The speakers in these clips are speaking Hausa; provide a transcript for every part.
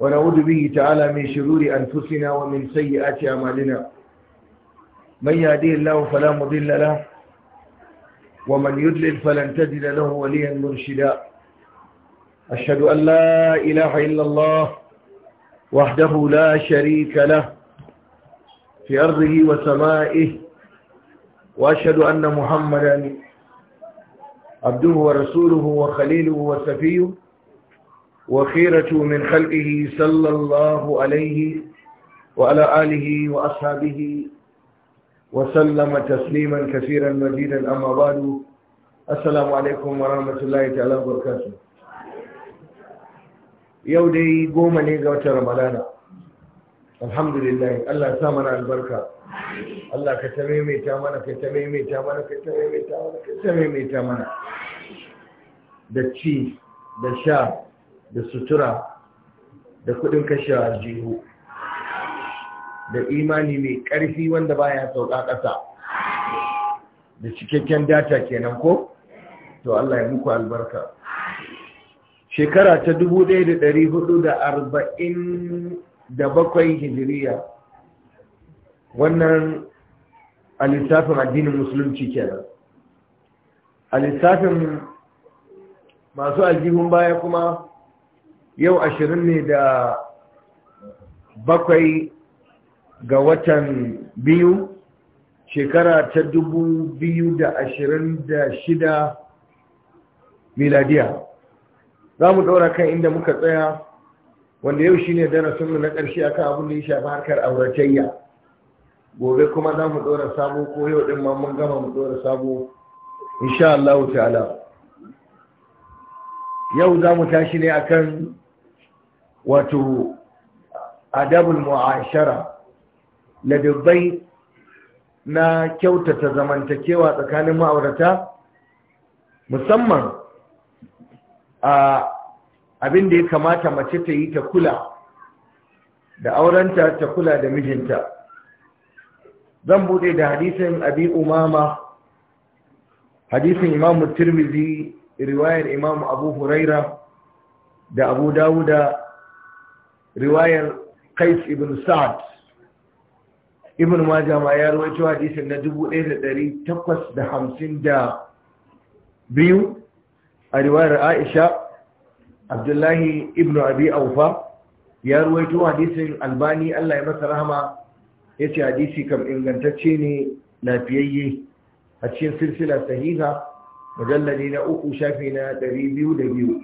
ونعوذ به تعالى من شرور أنفسنا ومن سيئات أعمالنا من يهديه الله فلا مضل له ومن يدلل فلن تجد له وليا مرشدا أشهد أن لا إله إلا الله وحده لا شريك له في أرضه وسمائه وأشهد أن محمدا عبده ورسوله وخليله وسفيه وخيرة من خلقه صلى الله عليه وعلى آله وأصحابه وسلم تسليما كثيرا مزيدا أما بعد السلام عليكم ورحمة الله تعالى وبركاته yau dai goma ne ga watan ramadana alhamdulillah Allah sa mana albarka Allah ka ta maimaita mana ka ta maimaita mana ka ta maimaita mana ka ta maimaita mana da ci da sha da sutura da kudin kashewa jihu da imani mai ƙarfi wanda baya sauka ƙasa da cikakken data kenan ko to Allah ya muku albarka shekara ta 1447 hijiriya wannan a lissafin addinin musulunci kenan a masu aljihun baya kuma yau ashirin ne da bakwai ga watan biyu shekara ta dubu biyu da ashirin da shida miladiya za mu ɗora kan inda muka tsaya wanda yau shine darasinmu na ƙarshe akan abin da ya shafi harkar auratayya gobe kuma za mu ɗora sabo ko yau ɗin ma mun gama mu ɗora sabo insha Allah ta'ala yau za mu tashi ne akan wato adabul mu'ashara ladabbai na kyautata zamantakewa tsakanin ma'aurata musamman a abin da ya kamata mace ta yi ta kula da aurenta ta kula da mijinta zan bude da hadisin abi umama hadisin imamu tirmizi riwayar imamu abu huraira da abu dawuda riwayar qais ibn sa'ad ibn majah ma ya rawaito hadisin na 1852 a riwayar aisha abdullahi ibn abi aufa ya ruwaito hadisin albani Allah ya masa rahama ya ce hadisi kam ingantacce ne lafiyayye a cikin silsila sahiha mujallali na uku shafi na biyu.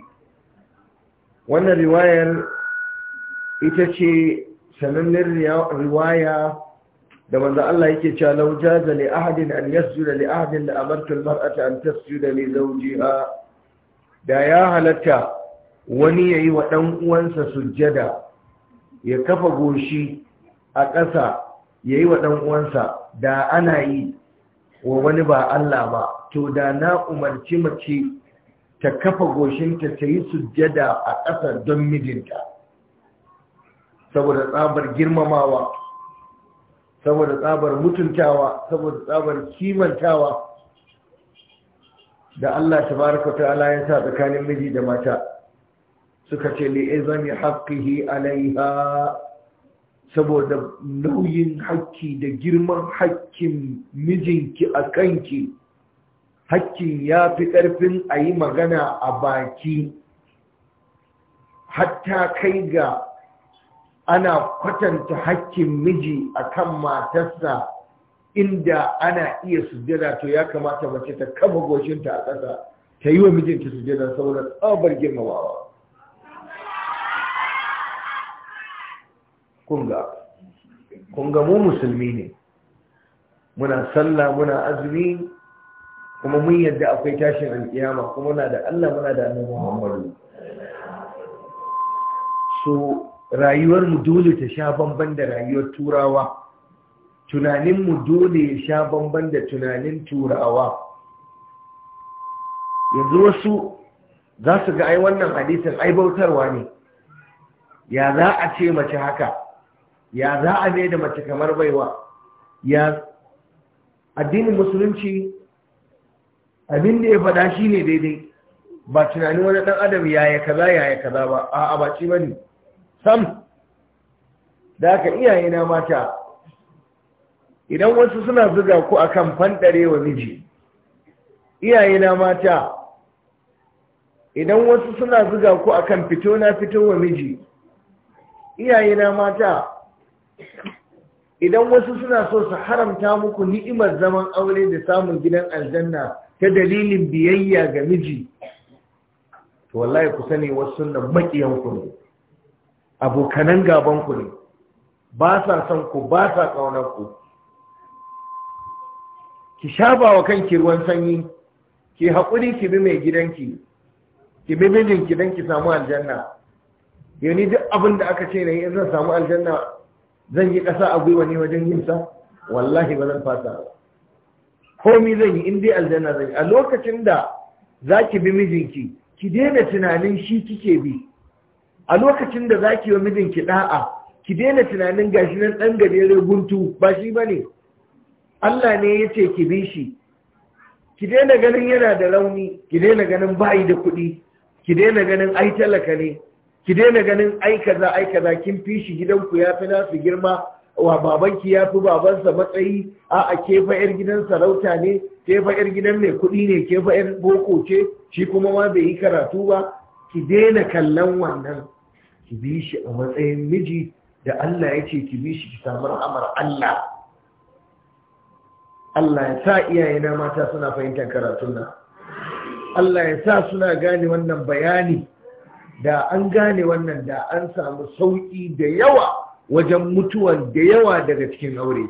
wannan riwayar ita ce sanannen riwaya da manzo Allah yake cewa law jaza li ahadin an yasjuda li ahadin la amartu marata an tasjuda li zawjiha da ya halatta wani yayi wa dan uwansa sujjada ya kafa goshi a ƙasa yayi wa dan uwansa da ana yi wa wani ba Allah ba to da na umarci mace ta kafa goshinta ta yi sujjada a ƙasa don mijinta saboda tsabar girmamawa saboda tsabar mutuntawa saboda tsabar kimantawa da Allah tabaraka ta'ala ya sa tsakanin miji da mata suka ce izami haqqihi alaiha saboda nauyin hakki da girman hakkin mijinki a kanki hakkin ya fi ƙarfin a yi magana a baki hatta kai ga ana kwatanta hakkin miji a kan matarsa inda ana iya sujjada to ya kamata mace ta kafa goshinta a ƙasa ta yi wa mijinta sujjada saboda tsabar girmamawa kunga kunga mu musulmi ne muna sallah muna azumi kuma mun yadda akwai tashin alkiyama kuma muna da Allah muna da annabi Muhammadu so Rayuwar mu dole ta sha bamban da rayuwar turawa mu dole ya sha bamban da tunanin turawa yanzu wasu za su ga ai wannan hadisin ai bautarwa ne ya za a ce mace haka ya za a mai da mace kamar baiwa ya addinin musulunci abin da ya faɗa shi ne daidai ba tunanin wani ɗan adam yaya kaza yaya kaza ba a ba ci ba sam da aka iyaye na mata idan wasu suna zuga ku a kan fanɗare wa miji iyaye na mata idan wasu suna zuga ku a kan fito na fito wa miji iyaye na mata idan wasu suna so su haramta muku ni'imar zaman aure da samun gidan aljanna ta dalilin biyayya ga miji to wallahi ku sani wasu sunan makiyan ku ne abokanan gaban ku ne ba sa son ku ba sa ƙaunar ku ki shafa wa kanki ruwan sanyi ki haƙuri ki bi mai gidanki ki bi mijinki don ki samu aljanna Yanni ni duk abin da aka ce na yi zan samu aljanna zan yi ƙasa a gwiwa ne wajen yin sa wallahi ba zan fasa ba komi zan yi in dai aljanna zan yi a lokacin da za ki bi mijinki ki daina tunanin shi kike bi a lokacin da za ki yi mijinki da'a ki daina tunanin gashi nan ɗan gajere guntu ba shi ba ne Allah ne ya ce ki bi shi ki daina ganin yana da rauni ki daina ganin bayi da kuɗi ki daina ganin ai talaka ne ki daina ganin ai kaza ai kaza kin fi shi gidanku ya fi nasu girma wa babanki ya fi babansa matsayi a a ke fa gidan sarauta ne ke fa gidan mai kuɗi ne ke fa yar boko ce shi kuma ma bai yi karatu ba ki daina kallon wannan ki bi shi a matsayin miji da Allah ya ce ki bi shi ki samu rahamar Allah Allah ya sa iyayena mata suna fahimtar karatun na. Allah ya sa suna gane wannan bayani da an gane wannan da an samu sauƙi da yawa wajen mutuwan da yawa daga cikin aure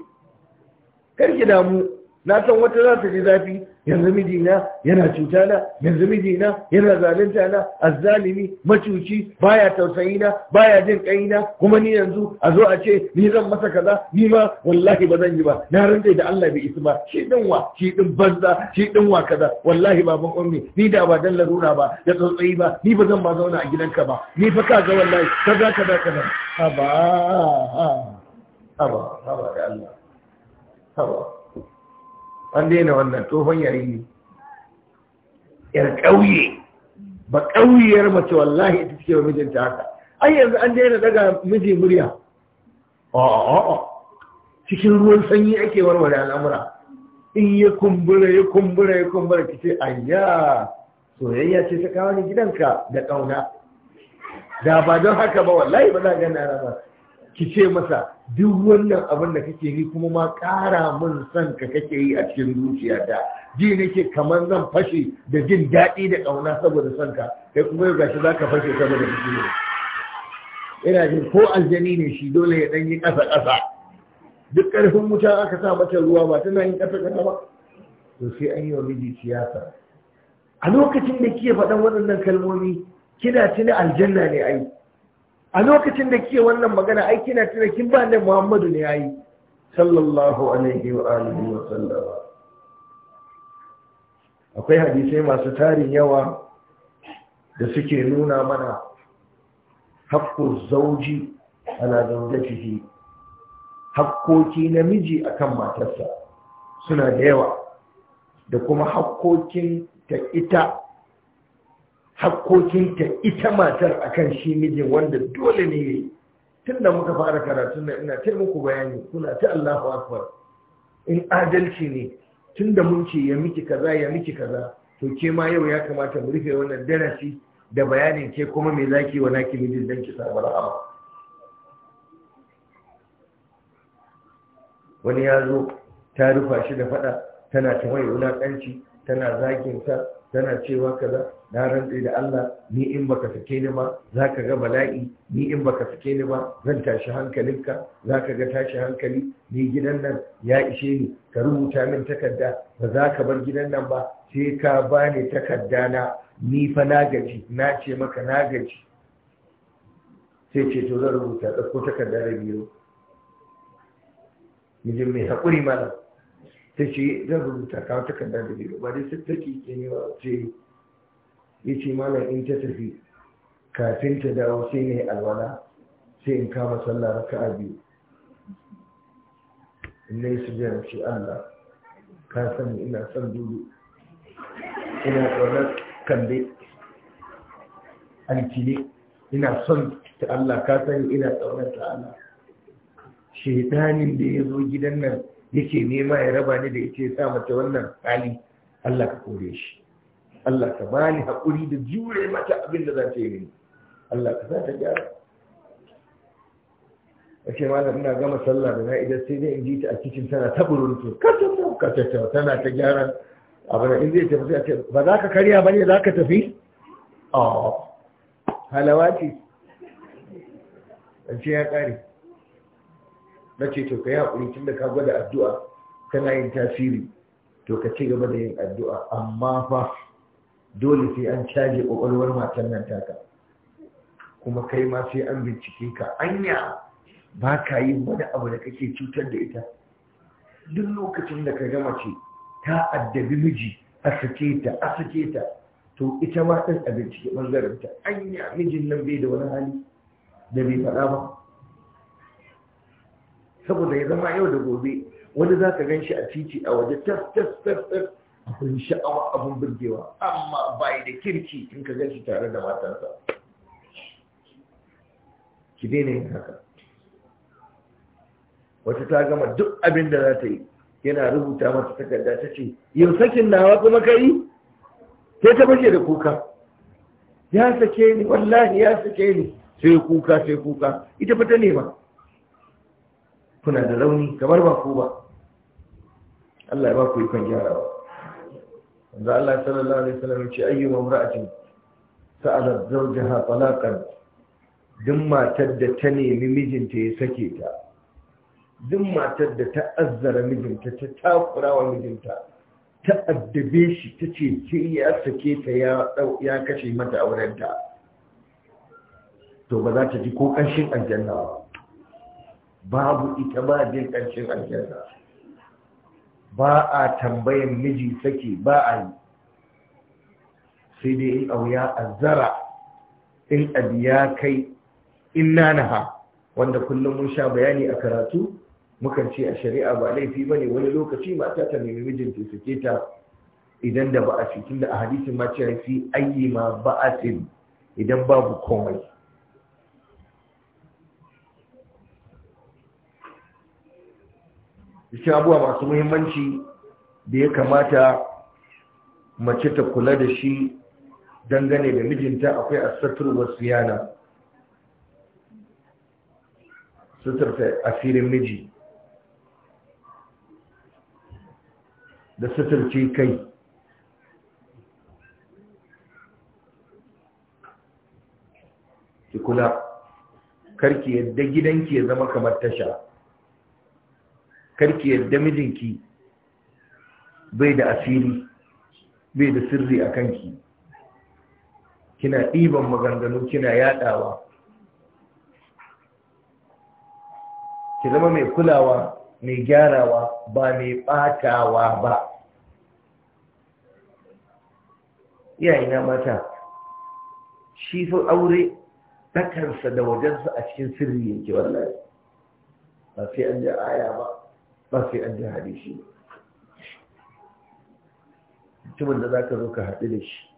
Kar karki damu na san wata za ta ji zafi yanzu mijina yana cuta na yanzu mijina yana zalunta na azzalimi macuci baya tausayi na baya jin kai na kuma ni yanzu a zo a ce ni zan masa kaza ni ma wallahi ba zan yi ba na rantse da Allah bai isa ba shi din wa shi din banza shi din wa kaza wallahi baban ummi ni da ba dan laruna ba da tsautsayi ba ni ba zan ma zauna a gidanka ba ni fa ka ga wallahi kaza kaza kaza haba haba haba da Allah haba an daina wannan tofan yare ne yar ƙauye ba ƙauyiyar mace wallahi ita ce wa mijinta haka ai yanzu an daina daga miji murya a'a cikin ruwan sanyi ake warware al'amura in ya kumbura ya kumbura ya kumbura kice ayya soyayya ce ta kawo ni gidanka da ƙauna da ba don haka ba wallahi ba za ga na ba ki ce masa duk wannan abin da kake yi kuma ma ƙara mun san ka kake yi a cikin zuciyata ji nake kamar zan fashe da jin daɗi da ƙauna saboda son ka kai kuma yau gashi ka fashe saboda kake yi ina jin ko aljani ne shi dole ya ɗan yi ƙasa ƙasa duk ƙarfin wuta aka sa mata ruwa ba tana yin ƙasa ƙasa ba to sai an yi wa miji siyasa a lokacin da kike faɗan waɗannan kalmomi kina tuna aljanna ne ai a lokacin da ke wannan magana aiki na tunakin ba da Muhammadu ne yi. sallallahu alaihi wa alihi wa akwai hadisai masu tarin yawa da suke nuna mana haƙƙo zauji ana zaujatihi haƙƙoƙi namiji akan matarsa suna da yawa da kuma haƙƙoƙin ta ita hakkokinta ita matar a kan shi mijin wanda dole ne tun da muka fara karatu na, ina ta muku bayani kuna ta Allahu akbar in adalci ne tun da mun ce ya miki kaza ya miki kaza to ke ma yau ya kamata mu rufe wannan darasi da bayanin ke kuma me zaki wa naki mijin dan ki samu rahama wani ya zo ta rufa shi da fada tana ta mai wulakanci tana zaginsa tana cewa kaza na rantsi da Allah ni in baka sake ni ba za ka ga bala'i ni in baka sake ni ba zan tashi hankalinka za ka ga tashi hankali ni gidan nan ya ishe ni ka rubuta min takarda ba za ka bar gidan nan ba sai ka ba ni takarda na ni fa na gaji na ce maka na gaji sai ce to zan rubuta ɗauko takarda da biyu mijin mai haƙuri mana sai ce zan rubuta kawo takarda da biyu ba dai sai take ke ne ba ce ya ce malam in ta tafi kafin ta dawo sai ne alwala sai in kama sallah raka abu. biyu in su yi sujjara ce allah ka san ina son dubu ina ƙaunar kambe. alkili ina son ta allah ka san ina ƙaunar ta allah shaitanin da ya zo gidan nan yake nema ya raba ni da ya ce sa mace wannan hali allah ka kore shi Allah ka bani haƙuri da jure mata abin da za ta yi mini Allah ka za ta gyara ake malam ina gama sallah da na'idar sai dai in ji ta a cikin tana ta buruntu katata katata tana ta gyara abu da in zai tafi sai ce ba za ka karya ba ne za ka tafi halawa ce ce ya ƙare na ce to ka yi haƙuri tun da ka gwada addu'a kana yin tasiri to ka ci gaba da yin addu'a amma fa dole sai an caje ƙwaƙwalwar matan nan taka kuma kai ma sai an bincike ka anya ba ka yi wani abu da kake cutar da ita duk lokacin da ka gama ce ta addabi miji a sake ta a sake ta to ita ma ɗin a bincike ɓangaren ta anya mijin nan bai da wani hali da bai faɗa ba saboda ya zama yau da gobe wani za ka gan shi a titi a waje tas tas tas tas Akwai sha'awa abin birgewa amma bai da kirki in ka gashi tare da matarsa ki daina yin haka wata ta gama duk abin da za ta yi yana rubuta mata takarda ta ce yin sakin na wata maka yi sai ta bashe da kuka ya sake ni wallahi ya sake ni sai kuka sai kuka ita fata ne ba kuna da rauni kamar ba ku ba Allah ya ba ku ikon gyarawa wanda Allah sallallahu alaihi wasallam ce ayyuma imra'atin sa'alat zawjaha talaqan duk matar da ta nemi mijinta ya sake ta duk matar da ta azzara mijinta ta takura wa mijinta ta addabe shi ta ce ce ya sake ta ya kashe mata aurenta to ba za ta ji ko kanshin aljanna ba babu ita ba jin kanshin aljanna ba a tambayan miji sake ba a yi sai dai in auya zara, in abu ya kai in nanaha wanda kullum mun sha bayani a karatu mukan ce a shari'a ba laifi ba ne wani lokaci mata ta nemi mijinta sake ta idan da ba a cikin da a hadisin ma ce fi ayyima a idan babu komai cikin abuwa masu muhimmanci da ya kamata mace ta kula da shi dangane da mijinta akwai asatur wasu yana suturta asirin miji da suturci kai ki kula karki yadda gidanki ya zama kamar tasha karki yadda mijinki bai da asiri bai da sirri a kanki kina ɗiban maganganu kina yaɗawa ki zama mai kulawa mai gyarawa ba mai ɓatawa ba iyayena mata shi fa aure ɗakansa da wajensa a cikin sirri yake wallahi ba sai an ji aya ba ba sai an ji hadisi shi mutumin da za ka zo ka haɗu da shi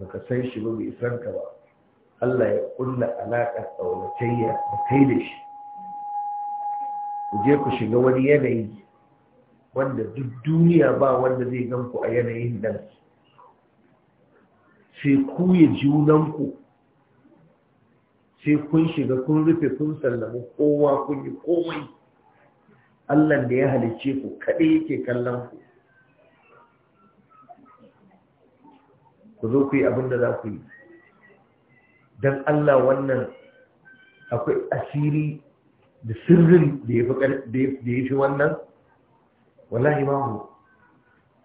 baka san shi ba bai san ka ba Allah ya kulla alaƙa tsawatayya da kai da shi ku je ku shiga wani yanayi wanda duk duniya ba wanda zai gan ku a yanayin nan sai ku ya junanku sai kun shiga kun rufe kun sallama kowa kun yi komai Allah da ya halicce ku kaɗai yake kallon ku ku zo ku yi abin da za ku yi don Allah wannan akwai asiri da sirrin da ya fi wannan wallahi mahu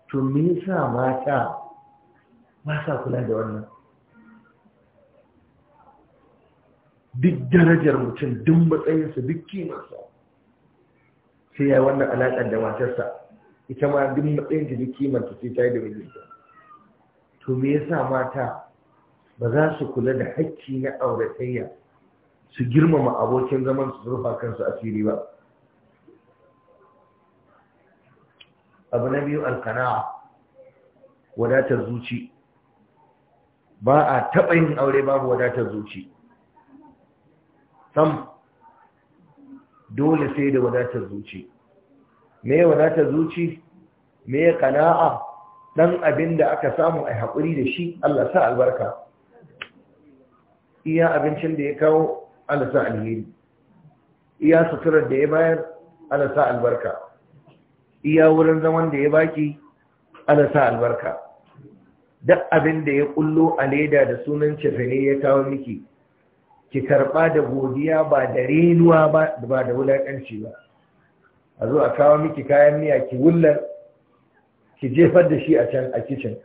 to me sa mata ba sa kula da wannan duk darajar mutum duk matsayinsa duk kimarsa sai ya wannan alaƙar da matarsa ita ma duk matsayin da duk kimanta sai ta yi da mijinta to me yasa mata ba za su kula da hakki na auratayya su girmama abokin zaman su rufa kansu asiri ba abu na biyu alkana'a wadatar zuci ba a taɓa yin aure babu wadatar zuci sam dole sai da wadatar zuci me wadatar zuci me kana'a dan abin da aka samu a haƙuri da shi Allah sa albarka iya abincin da ya kawo Allah sa alheri iya suturar da ya bayar Allah sa albarka iya wurin zaman da ya baki Allah sa albarka duk abin da ya kullo a leda da sunan cefane ya kawo miki ki karɓa da godiya ba da renuwa ba da wulaƙanci ba a zo a kawo miki kayan miya ki wullar ki jefar da shi a can a kicin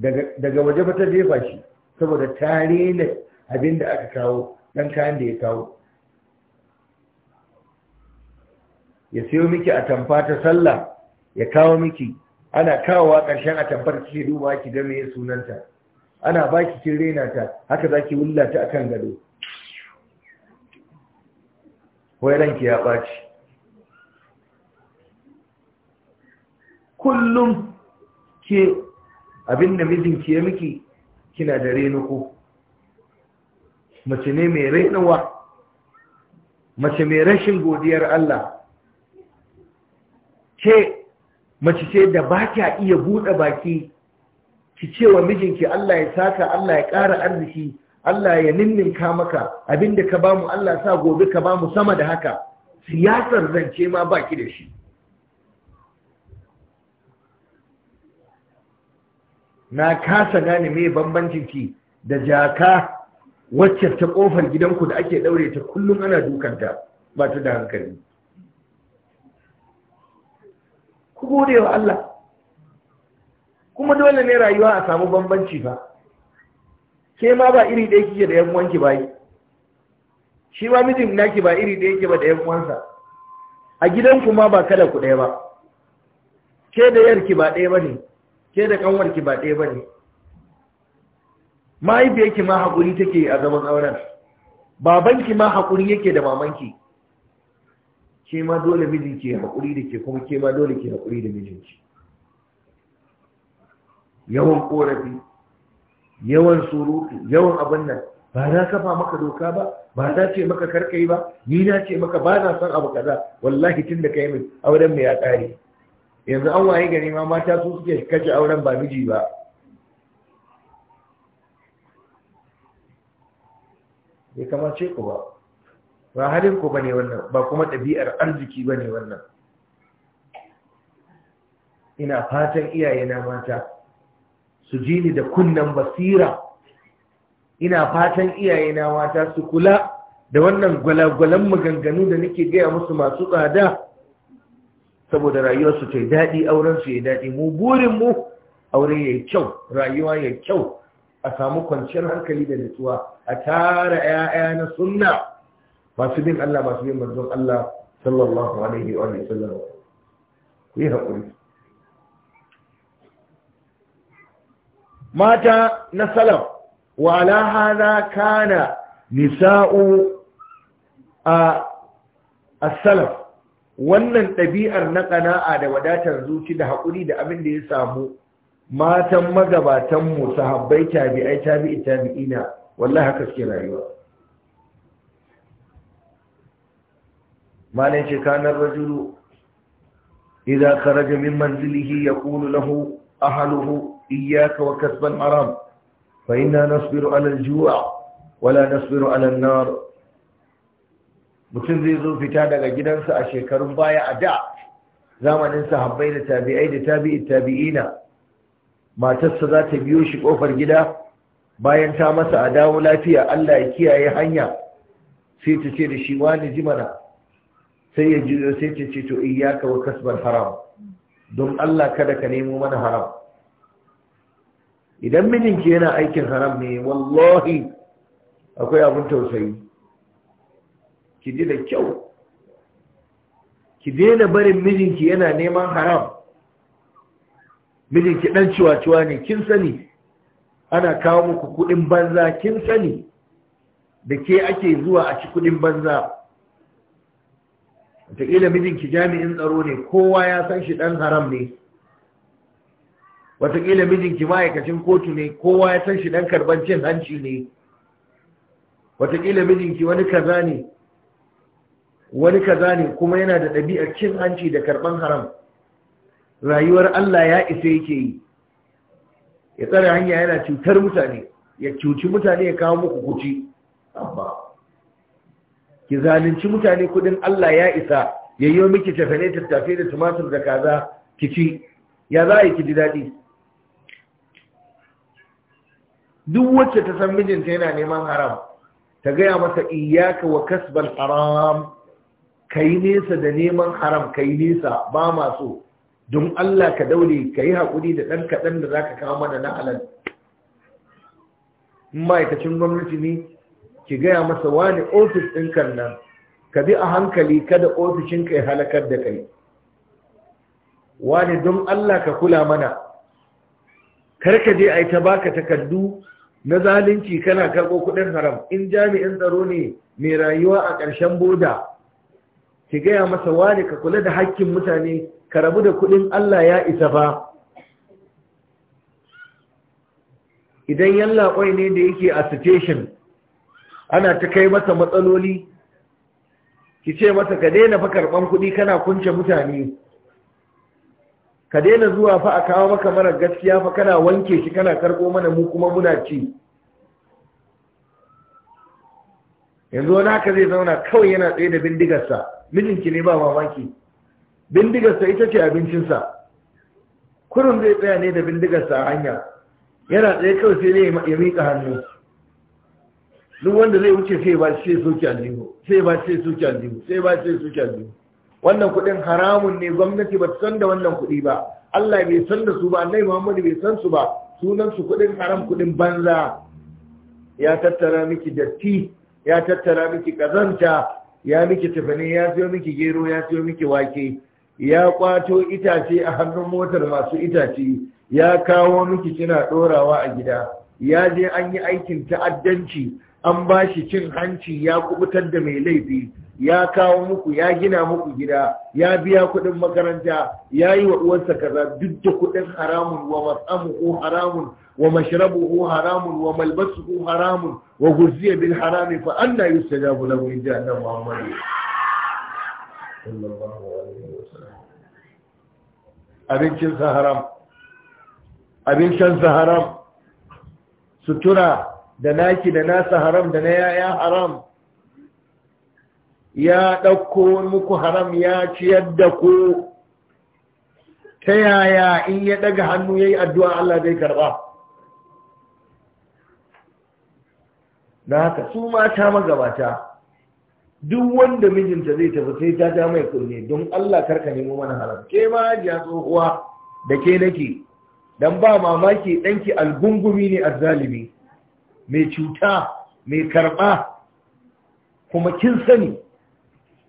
daga waje ba ta jefa shi saboda ta rena abin da aka kawo ɗan kayan da ya kawo ya siyo miki a tamfa ta sallah ya kawo miki ana kawowa ƙarshen a tamfar kike duba ki game sunanta ana baki kin rena ta haka zaki wulla ta akan gado wai ranki ya ɓaci kullum ke abin da mijinki ya miki kina da renuku mace ne mai rainuwa mace mai rashin godiyar Allah Ke mace ce da ba kya iya buɗe baki ki ce mijinki Allah ya saka Allah ya ƙara arziki Allah ya ninninka maka abinda ka bamu Allah sa gobe ka bamu sama da haka siyasar zance ma baki da shi na kasa gane me bambancin ki da jaka wacce ta kofar gidanku da ake daure ta kullum ana dukanta ba ta da hankali ku gode wa Allah kuma dole ne rayuwa a samu bambanci ba ke ma ba iri ɗaya kike da yan uwanki bai shi ba mijin naki ba iri ɗaya yake ba da yan uwansa a gidanku ma ba kada ku ɗaya ba ke da yarki ba ɗaya bane ke da kanwarki ba ɗaya bane mahaifiyarki ma haƙuri take a zaman auren babanki ma haƙuri yake da mamanki ke ma dole mijinki ya haƙuri da ke kuma ke ma dole ke haƙuri da mijinki yawan ƙorafi yawan surutu yawan abin nan ba na kafa maka doka ba ba na ce maka karkai ba ni na ce maka ba na son abu kaza wallahi tun da kai min auren mai ya kare yanzu an waye gari ma mata su suke kashe auren ba miji ba ya kamace ku ba ba halin ku ne wannan ba kuma ɗabi'ar arziki ba ne wannan ina fatan iyayena mata su ji ni da kunnan basira ina fatan iyaye na mata su kula da wannan gwalagwalan maganganu da nake gaya musu masu tsada saboda su ta yi daɗi aurensu ya daɗi mu burin mu aure ya yi kyau rayuwa ya kyau a samu kwanciyar hankali da nutsuwa a tara 'ya'ya na sunna masu bin Allah masu bin manzon Allah sallallahu alaihi wa sallam ku yi haƙuri mata na salaf wa ala hada kana nisa'u a salaf wannan ɗabi'ar na ƙana'a da wadatar zuci da haƙuri da abin da ya samu matan magabatanmu sahabbai tabi'ai tabi'i tabi'ina wallahi haka suke rayuwa malai ce kanar rajulu idan kharaja min manzilihi yaqulu lahu ahluhu إياك وكسب الحرام فإنا نصبر على الجوع ولا نصبر على النار mutum zai zo fita daga gidansa a shekarun baya a da zamanin sahabbai da tabi'ai da tabi'i tabi'ina matarsa za ta biyo shi kofar gida bayan ta masa a dawo lafiya Allah ya kiyaye hanya sai ta ce da shi wani jimana sai ya juyo sai ta ce to iyyaka wa kasbar haram don Allah kada ka nemo mana haram idan mijinki yana aikin haram ne wallahi akwai abin tausayi ki ji da kyau ki daina barin mijinki yana neman haram mijinki dan ciwa-ciwa ne kin sani ana kawo muku kudin banza kin sani da ke ake zuwa a ci kudin banza wataƙila mijinki jami'in tsaro ne kowa ya san shi dan haram ne wataƙila mijinki ma'aikacin kotu ne kowa ya san shi dan karban cin hanci ne wataƙila mijinki wani kaza ne wani kaza ne kuma yana da ɗabi'ar cin hanci da karban haram rayuwar Allah ya isa yake yi ya tsare hanya yana cutar mutane ya cuci mutane ya kawo muku kuci amma ki zalunci mutane kuɗin Allah ya isa yayyo miki tafane tattafe da tumatur da kaza ki ci ya za a yi ki ji daɗi duk wacce ta san mijinta yana neman haram ta gaya masa iyaka wa kasbal haram Ka yi nesa da neman haram ka yi nesa ba ma so don Allah ka daure ka yi haƙuri da ɗan kaɗan da za ka kawo mana na halal ma'aikacin gwamnati ne ki gaya masa wani ofis ɗinkan nan ka bi a hankali kada ofishin ya halakar da kai wani don Allah ka kula mana Kar ka je a yi ta baka takardu na zalunci kana karɓo kuɗin haram in jami'in tsaro ne mai rayuwa a ƙarshen boda ki gaya masa wani ka kula da hakkin mutane ka rabu da kuɗin Allah ya isa ba idan Yallaƙwai ne da yake a station ana ta kai masa matsaloli ki ce masa ka daina fa karɓan kuɗi kana kunce mutane ka daina zuwa fa a kawo maka mara gaskiya fa kana wanke shi kana karɓo mana mu kuma muna ci yanzu wani haka zai zauna kawai yana tsaye da bindigarsa mijinki ne ba mamaki bindigarsa ita ce abincinsa kurun zai tsaya ne da bindigarsa a hanya yana tsaye kawai sai zai ya miƙa hannu duk wanda zai wuce sai ba shi sai soke aljihu sai ba shi sai soke aljihu sai ba shi sai soke aljihu wannan kuɗin haramun ne gwamnati ba san da wannan kuɗi ba Allah bai san da su ba Annabi Muhammad bai san su ba sunan su kuɗin haram kuɗin banza ya tattara miki datti ya tattara miki kazanta ya miki tafani ya siyo miki gero ya siyo miki wake ya kwato itace a hannun motar masu itace ya kawo miki kina dorawa a gida ya je an yi aikin ta'addanci an ba shi cin hanci ya kubutar da mai laifi ya kawo muku ya gina muku gida ya biya kuɗin makaranta ya yi wa uwarsa kaza duk da kuɗin haramun wa mas'amuhu haramun wa mashrabuhu haramun wa malbasuhu haramun wa gurziya bil harami fa anna yustajabu lahu su ta Muhammad abincin haram abincin haram sutura da naki da nasa haram da na yaya haram ya ɗauko muku haram ya ciyar da ku ta yaya in ya ɗaga hannu ya yi addu'a Allah zai karɓa na haka su mata magabata duk wanda mijinta zai tafi sai ta ja mai kunne don Allah karka nemo mana haram ke ma ja tsohuwa da ke nake don ba mamaki ɗanki algungumi ne a zalimi. mai cuta mai karɓa kuma kin sani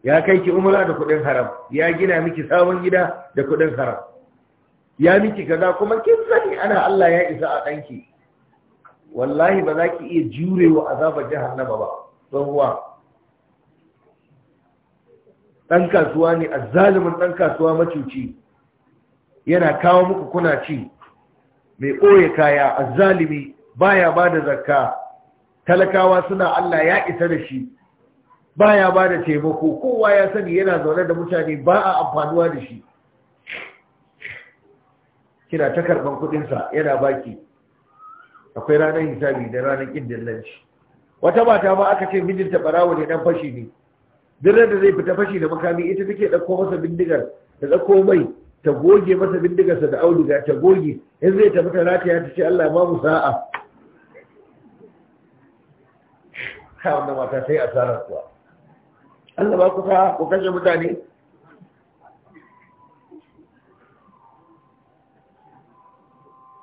ya kai ki umra da kuɗin haram ya gina miki sabon gida da kuɗin haram ya miki kaza kuma kin sani ana Allah ya isa a ɗanki wallahi ba za ki iya jurewa azabar jahannama ba don uwa ɗan kasuwa ne azzalumin dan kasuwa macuci yana kawo muku kuna ci mai ɓoye kaya azzalimi baya ba da zakka talakawa suna Allah ya isa da shi baya ba da taimako kowa ya sani yana zaune da mutane ba a amfanuwa da shi kina ta karban kudinsa yana baki akwai ranar hisabi da ranar ƙin dillanci wata mata ba aka ce mijinta barawo ne dan fashi ne duk da zai fita fashi da makami ita take dauko masa bindigar ta dauko mai ta goge masa bindigarsa da auduga ta goge in zai tafi ta rataya ta ce Allah ba mu sa'a ka wannan mata sai asarar kuwa Allah ba ku fa ku kashe mutane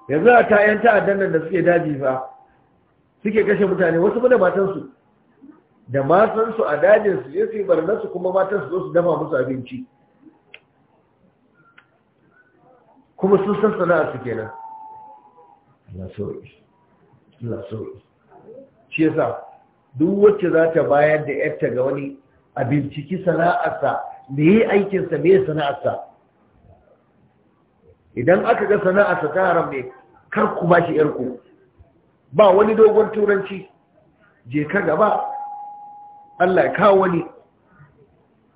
yanzu a kayan ta'addan nan da suke daji fa suke kashe mutane wasu ba da matansu da matansu a dajinsu ya fi barnarsu kuma matansu zo su dama musu abinci kuma sun san sana'a su kenan Allah sauri Allah sauri shi yasa duk wacce za ta bayar da yarta ga wani a binciki sana'arsa da yi aikinsa me sana'arsa idan aka ga sana'arsa ta haram ne kar ku ba shi yarku ba wani dogon turanci je ka gaba Allah ya kawo wani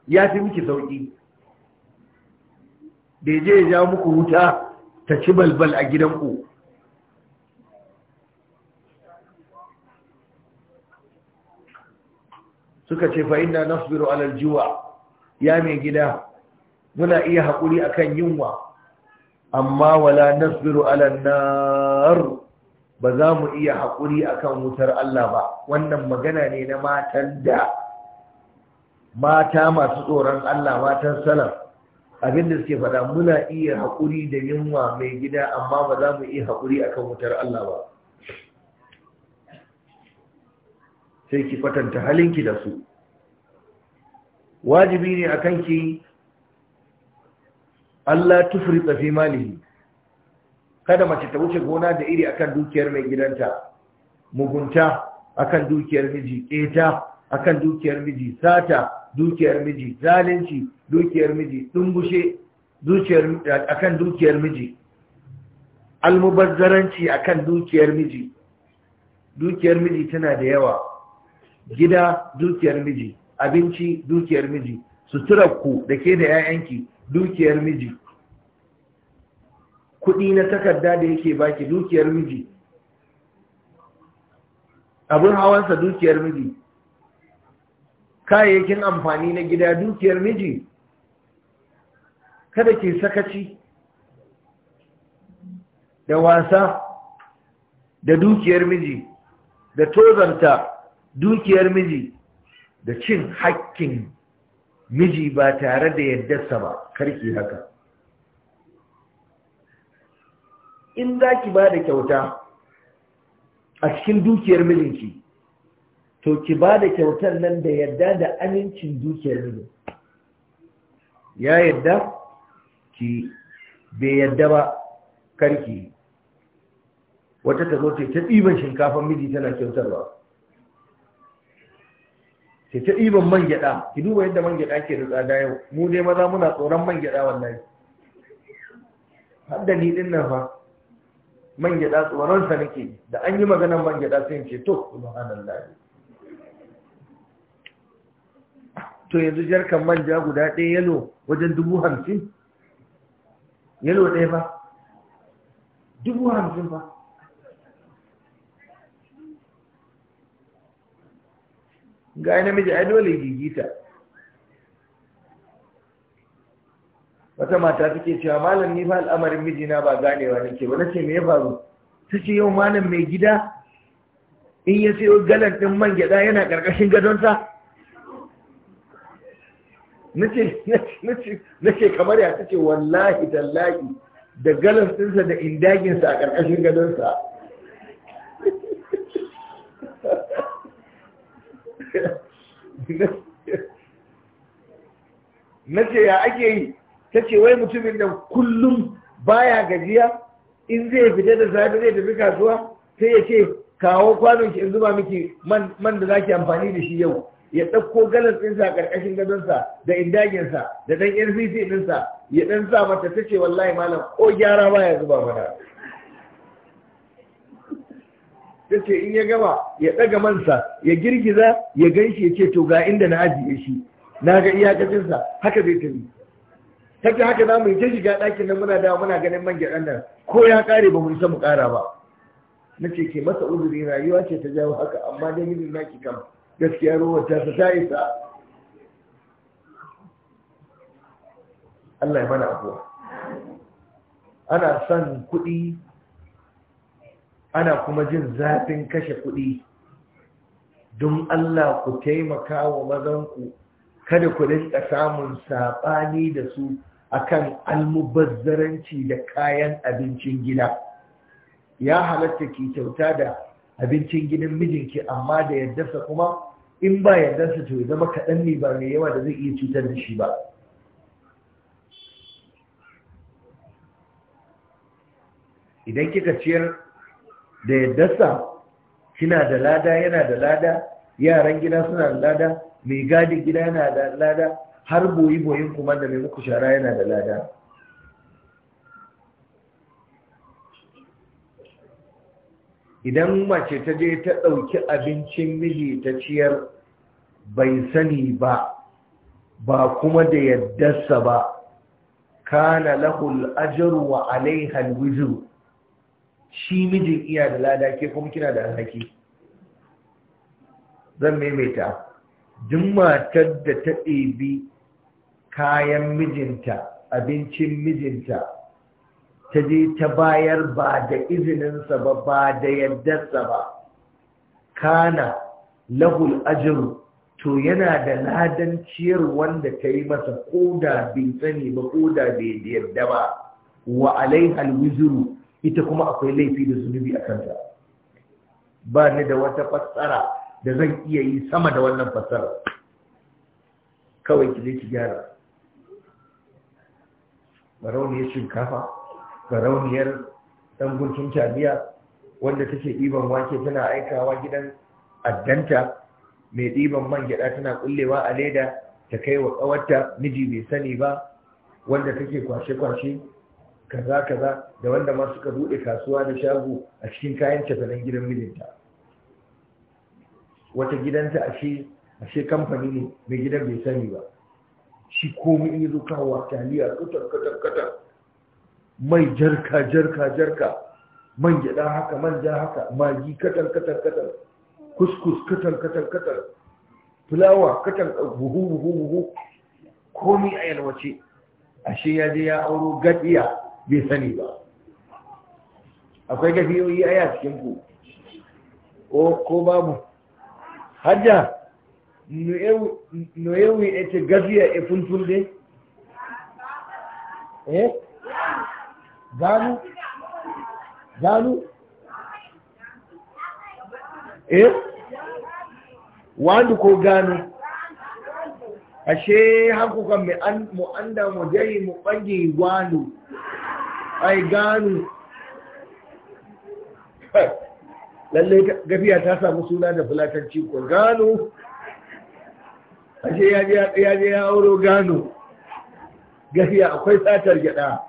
ya fi miki sauki da je ya ja muku wuta ta ci balbal a gidanku suka ce fa inna nasbiru alal ya mai gida muna iya haƙuri akan yunwa amma wala nasbiru alal nar ba za mu iya haƙuri akan wutar Allah ba wannan magana ne na matan da mata masu tsoron Allah matan salaf abinda suke faɗa muna iya haƙuri da yunwa mai gida amma ba za mu iya haƙuri akan wutar Allah ba sai ki kwatanta halinki da su wajibi ne a kanki Allah tufri tsafi malihi kada mace ta wuce gona da iri akan dukiyar mai gidanta mugunta akan dukiyar miji ƙeta akan dukiyar miji sata dukiyar miji zalunci dukiyar miji dumbushe akan dukiyar miji almubazzaranci akan dukiyar miji dukiyar miji tana da yawa gida dukiyar miji abinci dukiyar miji ku da ke da 'ya'yanki dukiyar miji kuɗi na takarda da yake baki dukiyar miji abin hawansa dukiyar miji kayayyakin amfani na gida dukiyar miji kada ke sakaci da wasa da dukiyar miji da tozarta dukiyar miji da cin hakkin miji ba tare da yaddarsa ba karki haka in za ki ba da kyauta a cikin dukiyar mijinki to ki ba da kyautar nan da yadda da amincin dukiyar mijin ya yadda ki bai yadda ba karki wata ta zo ta ɗiban shinkafan miji tana kyautarwa sai ta iban man gyaɗa ki duba yadda man gyaɗa ke da tsada yau mu dai maza muna tsoron man gyaɗa wallahi har da ni nan fa man gyaɗa tsoron sa nake da an yi maganar man gyaɗa sai ce to subhanallah to yanzu jarkan manja guda ɗaya yalo wajen dubu hamsin yalo ɗaya ba dubu hamsin ba ga namiji ai dole gigita wata mata take cewa malam ni fa al'amarin mijina ba ganewa nake ba nace me ya faru tace yau malam mai gida in ya sayo galan din man gyaɗa, yana karkashin gadonsa nace nace nace kamar ya tace wallahi tallahi da galan dinsa da indaginsa sa a karkashin gadonsa na ce ya ake yi ta ce wai mutumin da kullum baya gajiya in zai fita da safe zai tafi kasuwa sai ya ce kawo kwanon ki in zuba miki man da zaki amfani da shi yau ya ɗauko galas ɗinsa a ƙarƙashin gadonsa da indaginsa da ɗan yan ɗinsa ya ɗan sa mata ta ce wallahi malam ko gyara baya zuba mana ta in ya gama ya daga mansa ya girgiza ya ganshi ya ce to ga inda na ajiye shi na ga sa haka zai tafi ta haka za mu yi ta shiga ɗakin nan muna da muna ganin man gyaɗan nan ko ya kare ba mu san mu kara ba na ce ke masa uzuri rayuwa ce ta jawo haka amma dan yin naki kam gaskiya ruwa ta ta isa Allah ya bana abuwa ana san kuɗi ana kuma jin zafin kashe kuɗi don Allah ku taimaka wa mazanku kada ku rinka samun saɓani da su akan almubazzaranci da kayan abincin gida ya halatta ki kyauta da abincin gidan mijinki amma da yaddarsa kuma in ba yaddarsa to ya zama kaɗan ne ba mai yawa da zai iya cutar da shi ba idan kika ciyar da yaddarsa kina da lada yana da lada yaran gida suna da lada mai gadi gida yana da lada har boyi boyin kuma da mai muku shara yana da lada idan mace ta je ta ɗauki abincin miji ta ciyar bai sani ba ba kuma da yaddarsa ba kana lahul ajaru wa alaiha alwizru shi mijin iya da lada ke kuma kina da alhaki zan maimaita duk matar da ta ɗebi kayan mijinta abincin mijinta ta je ta bayar ba da izininsa ba ba da yardarsa ba kana lahul ajiru to yana da ladan ciyar wanda ta yi masa koda bai sani ba koda bai yarda ba wa alaihal wizuru ita kuma akwai laifi da zunubi a kanta ba ni da wata fassara da zan iya yi sama da wannan fassara kawai ki ki gyara barauniyar shinkafa barauniyar ɗan guntun taliya wanda take ɗiban wake tana aikawa gidan addanta mai ɗiban man gyaɗa tana ƙullewa a leda ta kai wa ƙawarta miji bai sani ba wanda take kwashe-kwashe kaza kaza da wanda ma suka buɗe kasuwa da shago a cikin kayan cefanen gidan mijinta wata gidanta ashe ashe kamfani ne mai gidan bai sani ba shi komai ya zo kawo taliya kutar kutar kutar mai jarka jarka jarka man gyada haka Man ja, haka magi katar katar katar kuskus katar katar katar fulawa katar buhu buhu buhu komi a yalwace ashe ya je ya auro gadiya bai sani ba akwai gafiyoyi a yacikin ku ko babu hajja noyewi ya ce gafiya ya funtun dai eh gano gano eh wani ko gano ashe hakukan mai an mu'anda mu jari mu ɓange wani ai gano lallai gafiya ta samu suna da fulatanci ko gano ashe ya je ya auro gano gafiya akwai satar gyada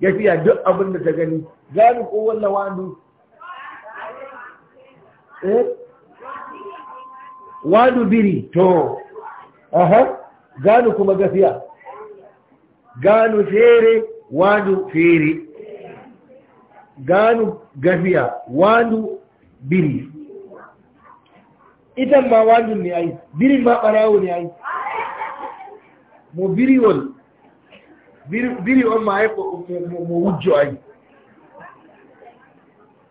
gafiya duk abin da ta gani gano ko wanda wani eh? wani wadu biri to aha gano kuma gafiya gano shere Wandu fere ganu gafiya wandu biri itan ma wandu ne ai birin ma barawo ne ai mo biri wal biri on ma ai mo wujjo ai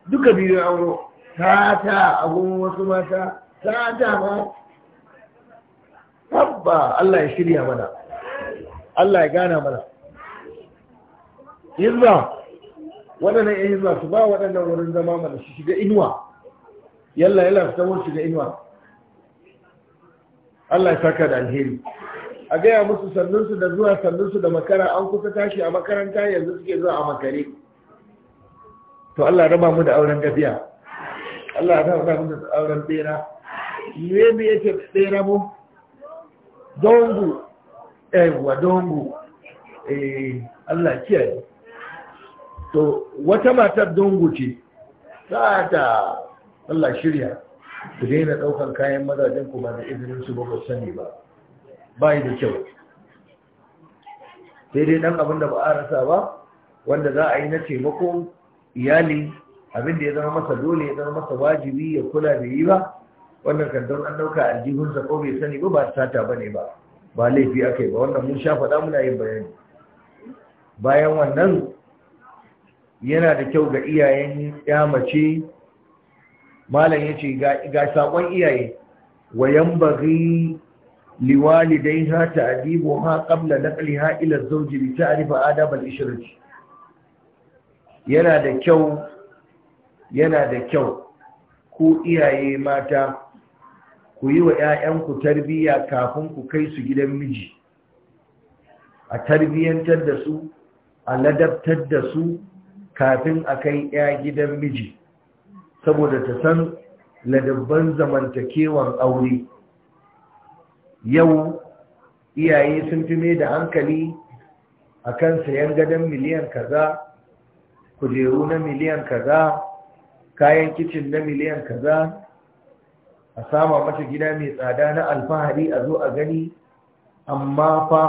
duka biri awro, ta ta agun wasu mata ta ta ma tabba Allah ya shirya mana Allah ya gana mana hizba waɗannan yan hizba su ba waɗannan wurin zama mana su shiga inuwa yalla yalla su zama shiga inuwa Allah ya saka da alheri a gaya musu sannunsu da zuwa sannunsu da makara an kusa tashi a makaranta yanzu suke zuwa a makare to Allah raba mu da auren gafiya Allah raba mu da auren bera me me yake bera mu dongu eh wa dongu eh Allah kiyaye to wata matar dongo ce za ta Allah shirya ku daina ɗaukar kayan mazajen ku ba da izinin su ba sani ba bai da kyau sai dai dan abin da ba a rasa ba wanda za a yi na taimako iyali abin da ya zama masa dole ya zama masa wajibi ya kula da yi ba wannan kan don an ɗauka aljihunsa ko bai sani ba ba sata ba ne ba ba laifi aka yi ba wannan mun sha faɗa muna yin bayani bayan wannan yana da kyau ga iyayen ya mace malam ya ce ga saƙon iyaye wa yan bari dai ha ta adibu ha ƙabla na ha ila zauji bi ta arifa adabar ishirci yana da kyau yana da kyau ku iyaye mata ku yi wa 'ya'yanku tarbiyya kafin ku kai su gidan miji a tarbiyyantar da su a ladabtar da su kafin a kai ya gidan miji saboda ta san ladabban zamantakewan aure yau iyaye sun fi mai da hankali a kan sayan gadon miliyan kaza kujeru na miliyan kaza kayan kicin na miliyan kaza a sama mata gida mai tsada na alfahari a zo a gani amma fa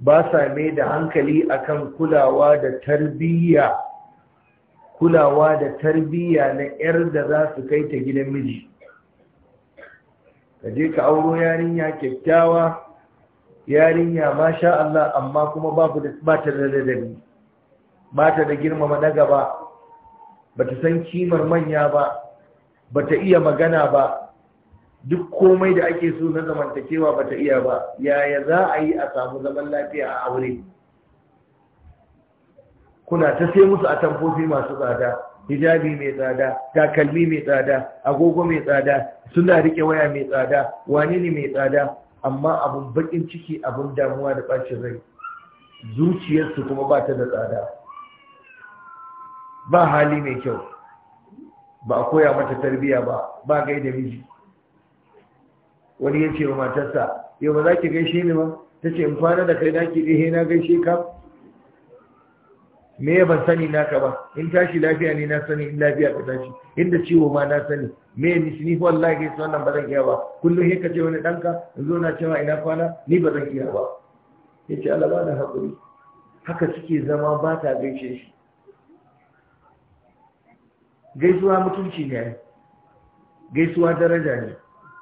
ba sa mai da hankali akan kulawa da tarbiyya kulawa da tarbiyya na yar da za su kai ta gidan miji ka je ka auro yarinya kyakkyawa yarinya masha Allah amma kuma babu da bata da ladabi bata da girmama na gaba bata san kimar manya ba bata iya magana ba duk komai da ake so na zamantakewa bata iya ba yaya za a yi a samu zaman lafiya a aure kuna ta sai musu atamfofi masu tsada hijabi mai tsada takalmi mai tsada agogo mai tsada suna rike waya mai tsada wane ne mai tsada amma abun bakin ciki abun damuwa da bacin rai zuciyarsu kuma ba ta da tsada ba hali mai kyau ba a koya mata tarbiyya ba ba da miji wani ya wa matarsa yau ba za ki gaishe ni ba ta ce in fara da kai na ki ɗihe na gaishe ka me ban sani naka ba in tashi lafiya ne na sani in lafiya ka tashi inda ciwo ma na sani me ni ni wallahi kai wannan ba zan iya ba kullum sai ka ce wani danka in zo na cewa ina kwana ni ba zan iya ba yace Allah ba da hakuri haka suke zama ba ta gaishe shi gaisuwa mutunci ne gaisuwa daraja ne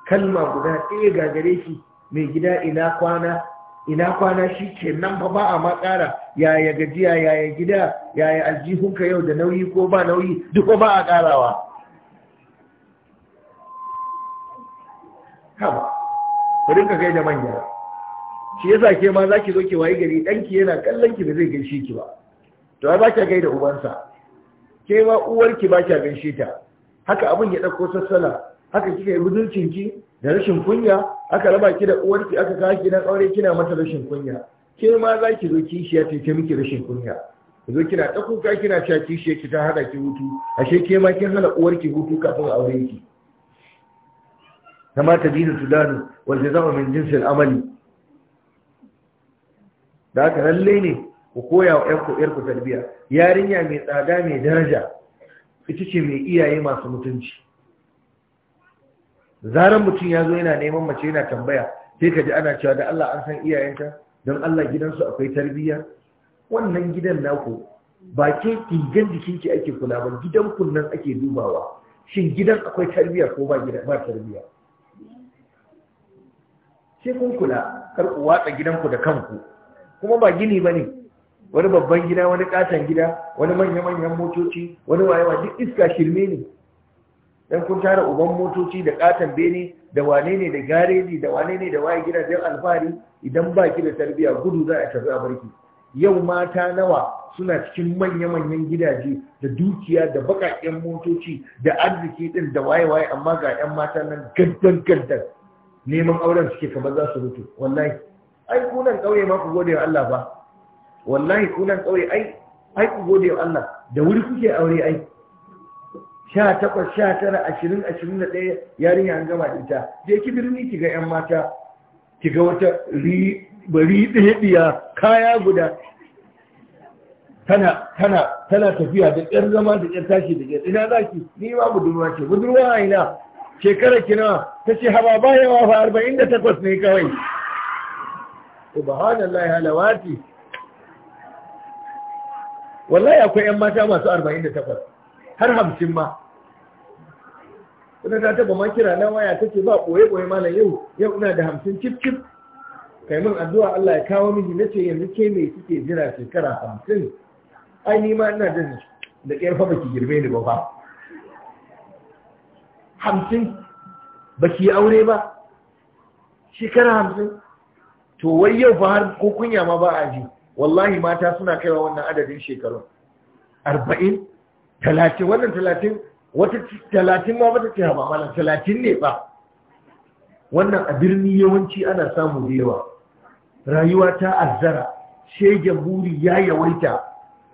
kalma guda ɗaya gagare shi mai gida ina kwana ina kwana shi ke nan ba ba a ma yaya gajiya yaya gida yaya aljihunka yau da nauyi ko ba nauyi duk ba a ƙarawa kama ku ka kai da manya shi yasa ke ma za ki zo ki waye gari ɗanki yana kallon ki da zai gaishe ki ba to ba ki gaida ubansa ke ma uwarki ba ki gaishe ta haka abin ya ɗauko sassana, haka kika yi budurcinki da rashin kunya aka raba ki da uwarki aka kawo ki na aure kina mata rashin kunya ke ma za ki zo kishiya ta ke miki rashin kunya ki zo kina ta kuka kina cewa kishiya ki ta hada ki hutu ashe ke ma kin hana uwarki hutu kafin aure ki kama ta dina tudanu wal jazaa min jinsil amali da aka lalle ne ku koya wa ƴanku ku tarbiyya yarinya mai tsada mai daraja ita ce mai iyaye masu mutunci zaran mutum ya zo yana neman mace yana tambaya sai ka ji ana cewa da Allah an san iyayenta don Allah gidansu akwai tarbiyya wannan gidan naku ba ke gigan jikinki ake kula ba gidan kunnan ake dubawa shin gidan akwai tarbiyya ko ba gidan ba tarbiyya sai kun kula kar ku watsa gidanku da kanku kuma ba gini bane wani babban gida wani katon gida wani manya-manyan motoci wani wayewa duk iska shirme ne dan kun tara uban motoci da katon bene da wane ne da gareji da wane ne da waye gidajen alfahari idan ba ki da tarbiya gudu za a tafi a barki yau mata nawa suna cikin manya-manyan gidaje da dukiya da bakaƙen motoci da arziki din da waye-waye amma ga 'yan mata nan gaddan gaddan neman auren suke kamar za su mutu wallahi ai kunan ƙauye ma ku gode wa Allah ba wallahi kunan ƙauye ai ai ku gode wa Allah da wuri kuke aure ai sha takwas sha tara ashirin ashirin da ɗaya yarinya an gama ita je ki birni ki ga yan mata ki ga wata bari ɗaya ɗiya kaya guda tana tana tana tafiya da ƴar zama da ƴar tashi da ƴar ina za ki? ni ma budurwa ce budurwa a ina shekara nawa? ta ce haba ba yawa fa arba'in da takwas ne kawai subhanallah halawati wallahi akwai 'yan mata masu arba'in da takwas har hamsin ma kuna ta taba ma kira na waya ta ce ba ɓoye ɓoye malam yau yau ina da hamsin cif cif kai min addu'a Allah ya kawo miji na ce yanzu ke mai suke jira shekara hamsin ai ni ma ina da da ƙyar fa baki girme ni ba fa hamsin baki aure ba shekara hamsin to wai yau ba har ko kunya ma ba a ji wallahi mata suna kaiwa wannan adadin shekarun arba'in talatin wannan talatin wata talatin ma bata ce ba malam talatin ne ba wannan a birni yawanci ana samu da yawa rayuwa ta azzara shegen buri ya yawaita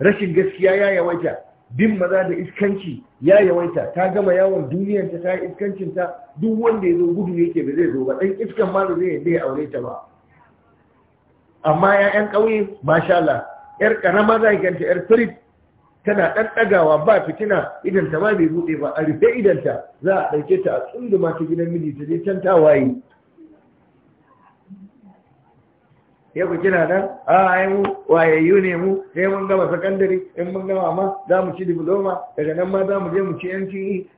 rashin gaskiya ya yawaita bin maza da iskanci ya yawaita ta gama yawon duniyar ta ta iskancin ta duk wanda ya zo gudu yake ba zai zo ba dan iskan ma zai da ya aure ta ba amma 'ya'yan ƙauye masha Allah 'yar ƙarama za ganta 'yar firit tana ɗan ɗagawa ba fitina idan ta ma bai buɗe ba a rufe idanta za a ɗauke ta a tsunduma ta gidan miji ta je can ta waye ya ku kina nan a ai mu wayayyu ne mu sai mun gama sakandare in mun gama ma za mu ci diploma daga nan ma za mu je mu ci yi,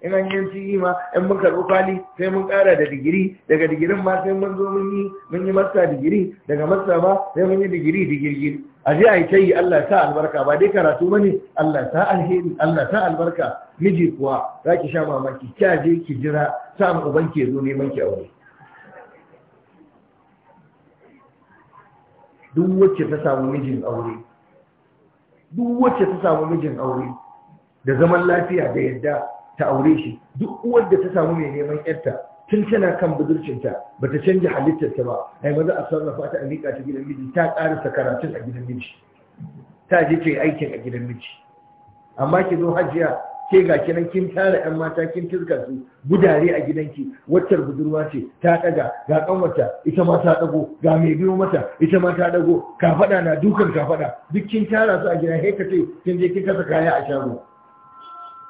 e, in an yi e ma in mun karɓi kwali sai mun ƙara da digiri daga digirin ma sai mun zo mun yi mun yi masta digiri daga masta ma sai mun yi digiri digirgiri a je a yi ta Allah ta albarka ba dai karatu bane Allah ta alheri Allah ta albarka miji kuwa za ki sha mamaki kya je ki jira samun uban ke zo neman ki aure duk wacce ta samu mijin aure duk wacce ta samu mijin aure da zaman lafiya da yadda ta aure shi duk wanda ta samu mai neman yarta tun tana kan budurcinta ba ta canja halittarta ba a yi maza a sarrafa ta a miƙa ta gidan miji ta ƙarasa karatun a gidan miji ta je ta yi aikin a gidan miji amma ki zo hajiya ke ga kinan kin tara yan mata kin tirka su gudare a gidanki wacce budurwa ce ta ɗaga ga kanwata ita ma ta ɗago ga mai biyo mata ita ma ta ɗago kafaɗa na dukan kafaɗa duk kin tara su a gidan hekate kin je kin kasa kaya a shago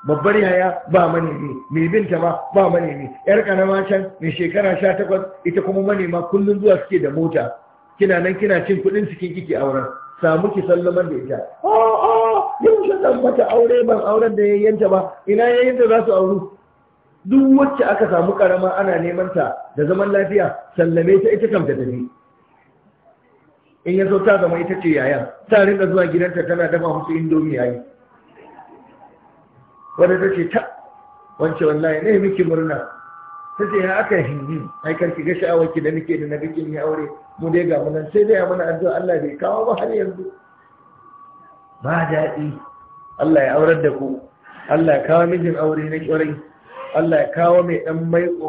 babbar yaya ba manemi mai binta ba ba manemi yar karama can mai shekara sha takwas ita kuma manema kullum zuwa suke da mota kina nan kina cin kuɗin cikin kike auren samu ki sallaman da ita ah, ah, yau shi zan mata aure ban auren da yayyanta ba ina yayyanta za su auru duk wacce aka samu karama ana neman ta da zaman lafiya sallame ta ita kam da in ya so ta zama ita ce yayan ta rinka zuwa gidanta tana dafa musu indomi yayi wadda ta ce ta wance wallahi ne miki murna ta ce ya aka hindi ai karki ga sha'awar ki da nake da nake ni aure mu dai ga munan sai dai mana addu'a Allah bai kawo ba har yanzu ba daɗi Allah ya aurar da ku Allah ya kawo mijin aure na ƙwarai Allah ya kawo mai ɗan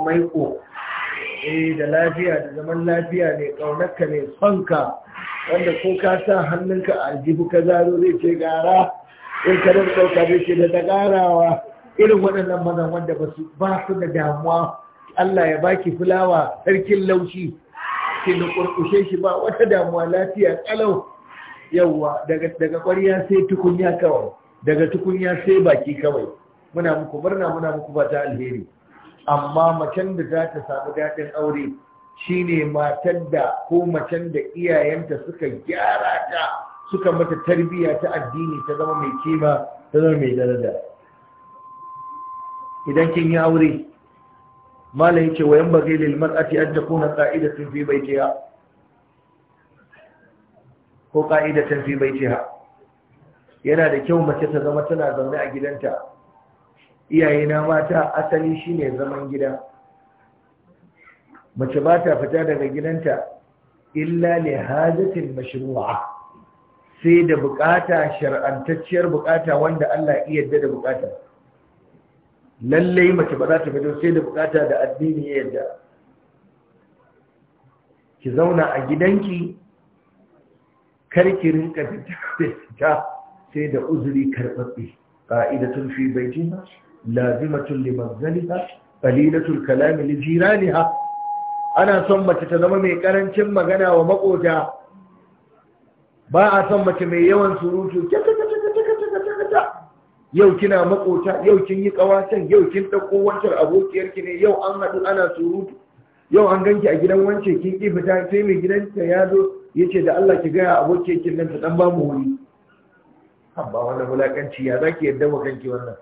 mai ko eh da lafiya da zaman lafiya ne kaunarka ne sonka wanda ko ka sa hannunka a jibu ka zaro zai ce gara in ka rinka da ke da ƙarawa irin waɗannan mazan wanda ba su da damuwa Allah ya baki fulawa sarkin laushi ki da ƙurƙushe shi ba wata damuwa lafiya ƙalau yawwa daga daga ƙwarya sai tukunya kawai daga tukunya sai baki kawai muna muku murna muna muku fata alheri amma macen da za ta samu daɗin aure shine matan da ko macen da iyayenta suka gyara ta suka mata tarbiyya ta addini ta zama mai kima ta zama mai daraja idan kin yi aure malam yake wayan bagai lil mar'ati an takuna qa'idatun fi baitiha ko qa'idatun fi baitiha yana da kyau mace ta zama tana zaune a gidanta iyayena mata asali shine zaman gida mace ba ta fita daga gidanta illa li hajatin mashru'a sai da bukata shar'antacciyar bukata wanda Allah iya yarda da bukata lallai mace ba za ta fito sai da bukata da addini ya yarda ki zauna a gidanki kar ki rinka fita sai da uzuri karɓaɓɓe qa'idatun fi baitiha lazimatul limanzaliha qalilatul kalam li jiraniha ana son mace ta zama mai karancin magana wa makota ba a son mace mai yawan surutu yau kina makota yau kin yi kawatan yau kin ɗauko wancan abokiyarki ne yau an haɗu ana surutu yau an ganki a gidan wance kin ki fita sai mai gidanta ya zo ya ce da Allah ki gaya abokiyarkin nan ta ɗan ba mu wuri ba wannan wulaƙanci ya zaki yadda wa kanki wannan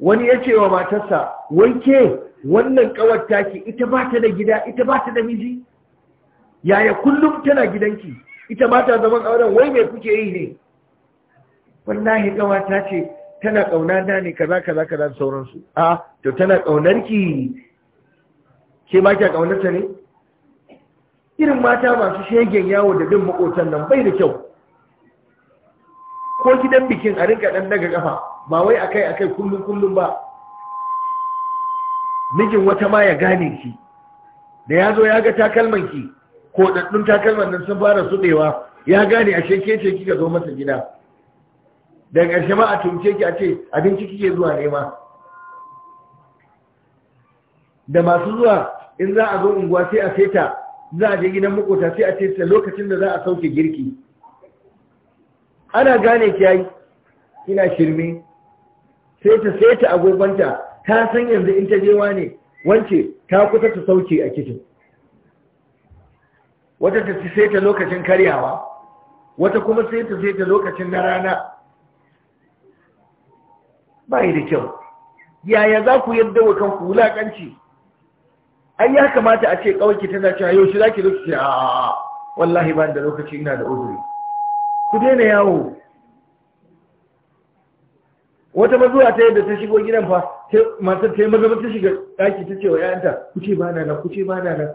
wani ya ce wa matarsa wai ke wannan kawar taki ita ba ta da gida ita ba ta da miji yaya kullum tana gidanki ita ba ta zaman auren wai mai kuke yi ne wallahi gawa ta ce tana ƙauna na ne kaza kaza kaza da sauransu a to tana ƙaunar ki ke ma kya ƙaunar ta ne irin mata masu shegen yawo da bin makotan nan bai da kyau ko gidan bikin a rinka ɗan daga kafa ba wai akai akai kullum kullum ba mijin wata ma ya gane ki da ya zo ya ga takalman ki kodaddun takalman nan sun fara sudewa ya gane ashe ke ce kika zo masa gida daga ƙarshe ma a tunce ki a ce abinci kike zuwa nema da masu zuwa in za a zo unguwa sai a seta za a je gidan makota sai a seta lokacin da za a sauke girki ana gane ki yayi ina shirme sai ta ta agogonta ta san yanzu in ta je ne wance ta kusa ta sauke a kitchen wata ta sai ta lokacin karyawa wata kuma sai ta sai ta lokacin na rana ba yi da kyau yaya za ku yadda wa kanku wulaƙanci yi ya kamata a ce ƙawarki tana cewa yau shi za ki lokaci a wallahi ba da lokaci ina da uzuri ku daina yawo wata mazuwa ta yadda ta shigo gidan fa masu taimaka yi ta shiga ɗaki ta ce wa 'ya'yanta ku ce ba na nan ku ce ba na nan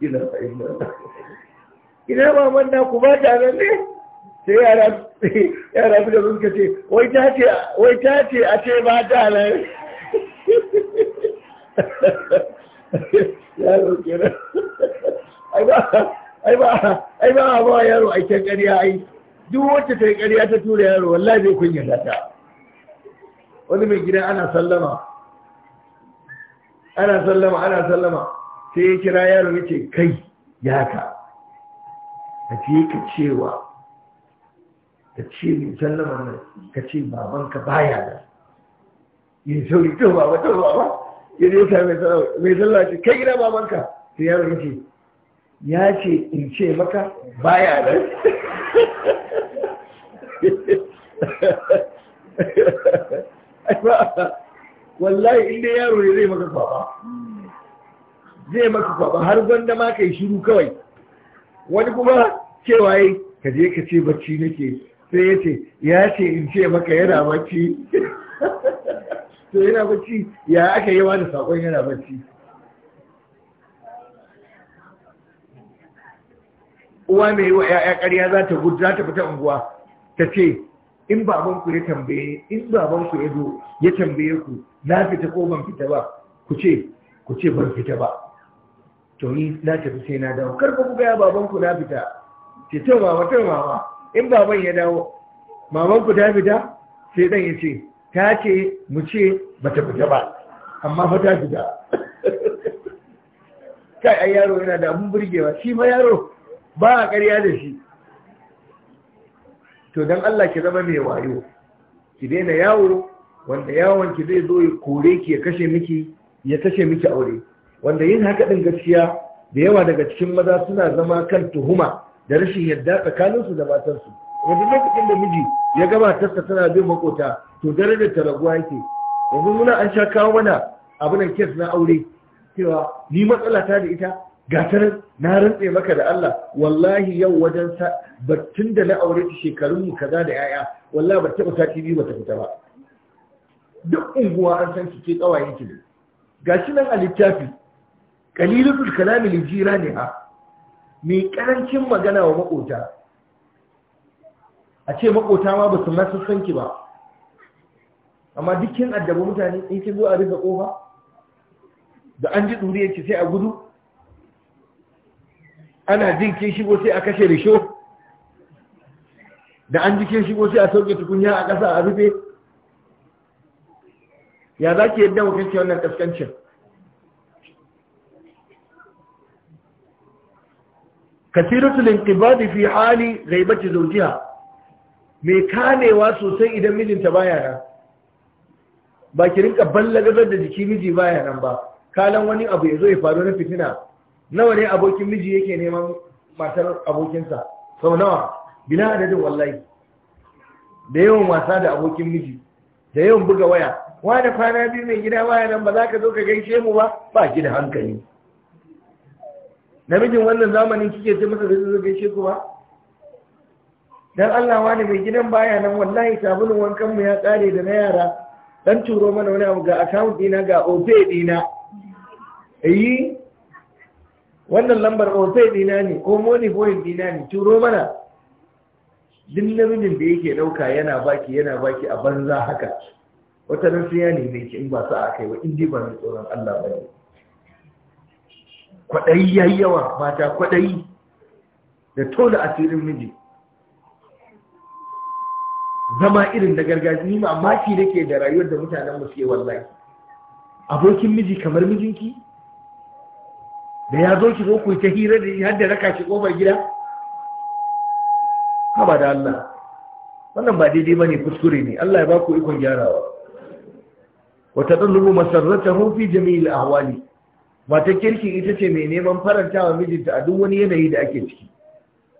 ina ina ina ku ba ta nan ne sai yara yara su da suka ce wai ta ce wai ta ce a ce ba ta nan yaro kenan ai ba ai ba ai ba ba yaro ai ta ƙarya ai duk wacce ta yi ƙarya ta tura yaro wallahi zai kunya ta wani mai gida ana sallama ana sallama ana sallama sai ya kira yaro ya ce kai ya ka a ce ka cewa ka ce mai sallama mai ka ce babanka baya da yi sauri to baba to baba ya zai ta mai sallama ce kai gina babanka sai yaro ya ce ya ce in ce maka baya da wallahi inda yaro ya zai maka baba zai maka kwaba har gwanda ma ka yi shiru kawai wani kuma cewa yi ka je ka ce bacci nake sai ya ce ya ce in ce maka yana bacci to yana bacci ya aka yi da sakon yana bacci uwa mai yi wa 'ya'ya ƙarya za ta gudu za ta fita unguwa ta ce in babanku ya tambaye in babanku ya zo ya tambaye ku na fita ko ban fita ba ku ce ku ce ban fita ba to ni na tafi sai na dawo kar ku gaya babanku na fita ce to mama to mama in baban ya dawo ku ta fita sai dan ya ce ta ce mu ce ba ta fita ba amma fa ta fita kai ai yaro yana da abun burgewa shi ma yaro ba a ƙarya da shi to don Allah ki zama mai wayo ki daina yawo wanda yawon ki zai zo ya kore ki ya kashe miki ya kashe miki aure wanda yin haka ɗin gaskiya da yawa daga cikin maza suna zama kan tuhuma da rashin yadda tsakaninsu da matarsu wanda lokacin da miji ya gaba tasta tana bin makota to darajar ta raguwa yake yanzu muna an sha kawo mana abunan kes na aure cewa ni matsala ta da ita gatar na rantse maka da Allah wallahi yau wajen sa battun da na aure ta shekarun mu kaza da yaya wallahi ba taba sati biyu bata fita ba duk unguwa an san ke kawayen ki ne gashi nan a littafi qalilatul kalami ne, ha mai ƙarancin magana wa makota a ce makota ma ba su masu sanki ba amma dukkan addaba mutane in ki zo a rika ƙofa? da an ji duriyar ki sai a gudu ana jin kin shigo sai a kashe risho da an ji kin shigo sai a sauke tukunya a ƙasa a rufe ya za ki yadda wa kanki wannan ƙasƙancin? kasiratul inqibadi fi hali ghaibati zawjiha mai kanewa sosai idan mijinta baya nan ba ki rinka ballagazar da jiki miji baya nan ba kalan wani abu ya zo ya faru na fitina nawa ne abokin miji yake neman matar abokinsa sau nawa bila adadin wallahi da yawan wasa da abokin miji da yawan buga waya wani kwana biyu mai gida waya nan ba za ka zo ka gaishe mu ba ba ki da hankali namijin wannan zamanin kike ce masa zai zo gaishe ku ba dan Allah wani mai gidan baya nan wallahi sabulun wankan mu ya kare da na yara dan turo mana wani abu ga account dina ga ofe dina eh wannan lambar ofe dina ne ko money boy dina ne turo mana duk namijin da yake dauka yana baki yana baki a banza haka wata nan sai ya ne ki in ba sa akai ba, in ji ba tsoron Allah ne kwaɗayi ya yi yawa mata kwaɗayi da tona asirin miji zama irin da gargajiya mamaki nake da rayuwar da mutanen musu suke wallahi abokin miji kamar mijinki da ya zo ki zo ku ta hira da yi har da raka shi ƙofar gida haba da Allah wannan ba daidai ba ne, kuskure ne Allah ya ba ku ikon gyarawa wa tadallu masarratahu fi jami'il ahwali matar kirki ita ce mai neman faranta wa mijinta a duk wani yanayi da ake ciki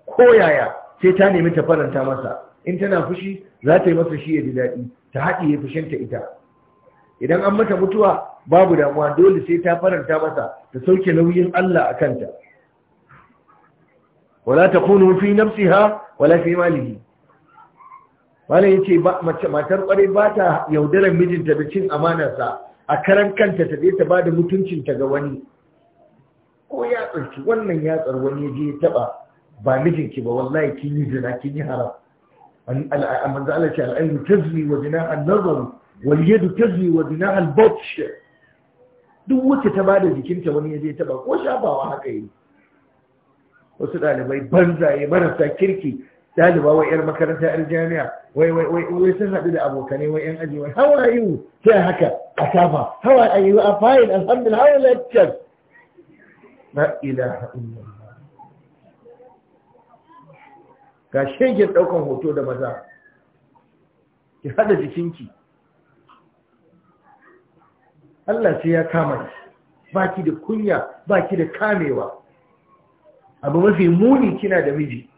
ko yaya sai ta nemi ta faranta masa in tana fushi za ta yi masa shi ya ji daɗi ta haɗiye fushinta ita idan an mata mutuwa babu damuwa dole sai ta faranta masa ta sauke nauyin Allah a kanta wala kunu fi nafsiha wala fi malihi wala yace matar kwarai ba ta yaudaran mijinta da cin amanarsa a karan kanta ta je ta ba da mutuncinta ga wani ko ya tsarki wannan ya tsar wani je ya taba ba mijinki ba wallahi kin yi zina kin yi haram manzo Allah ce al'aynu Tazmi wa zina an-nazar wal yadu Tazmi wa zina al-batsh duk wacce ta bada jikinta wani ya je taba ko shafawa haka yi wasu ɗalibai banzaye marasa kirki Daliba wai yar makaranta yar jami'a wai wai wai wai sun haɗu da abokanai wai yan aji wai hawa yiwu sai haka a tafa hawa a yiwu a fayin alhamdulillah hawa lecture na ilaha illallah ga shege ɗaukan hoto da maza ki haɗa jikinki Allah sai ya kama ki baki da kunya baki da kamewa abu mafi muni kina da miji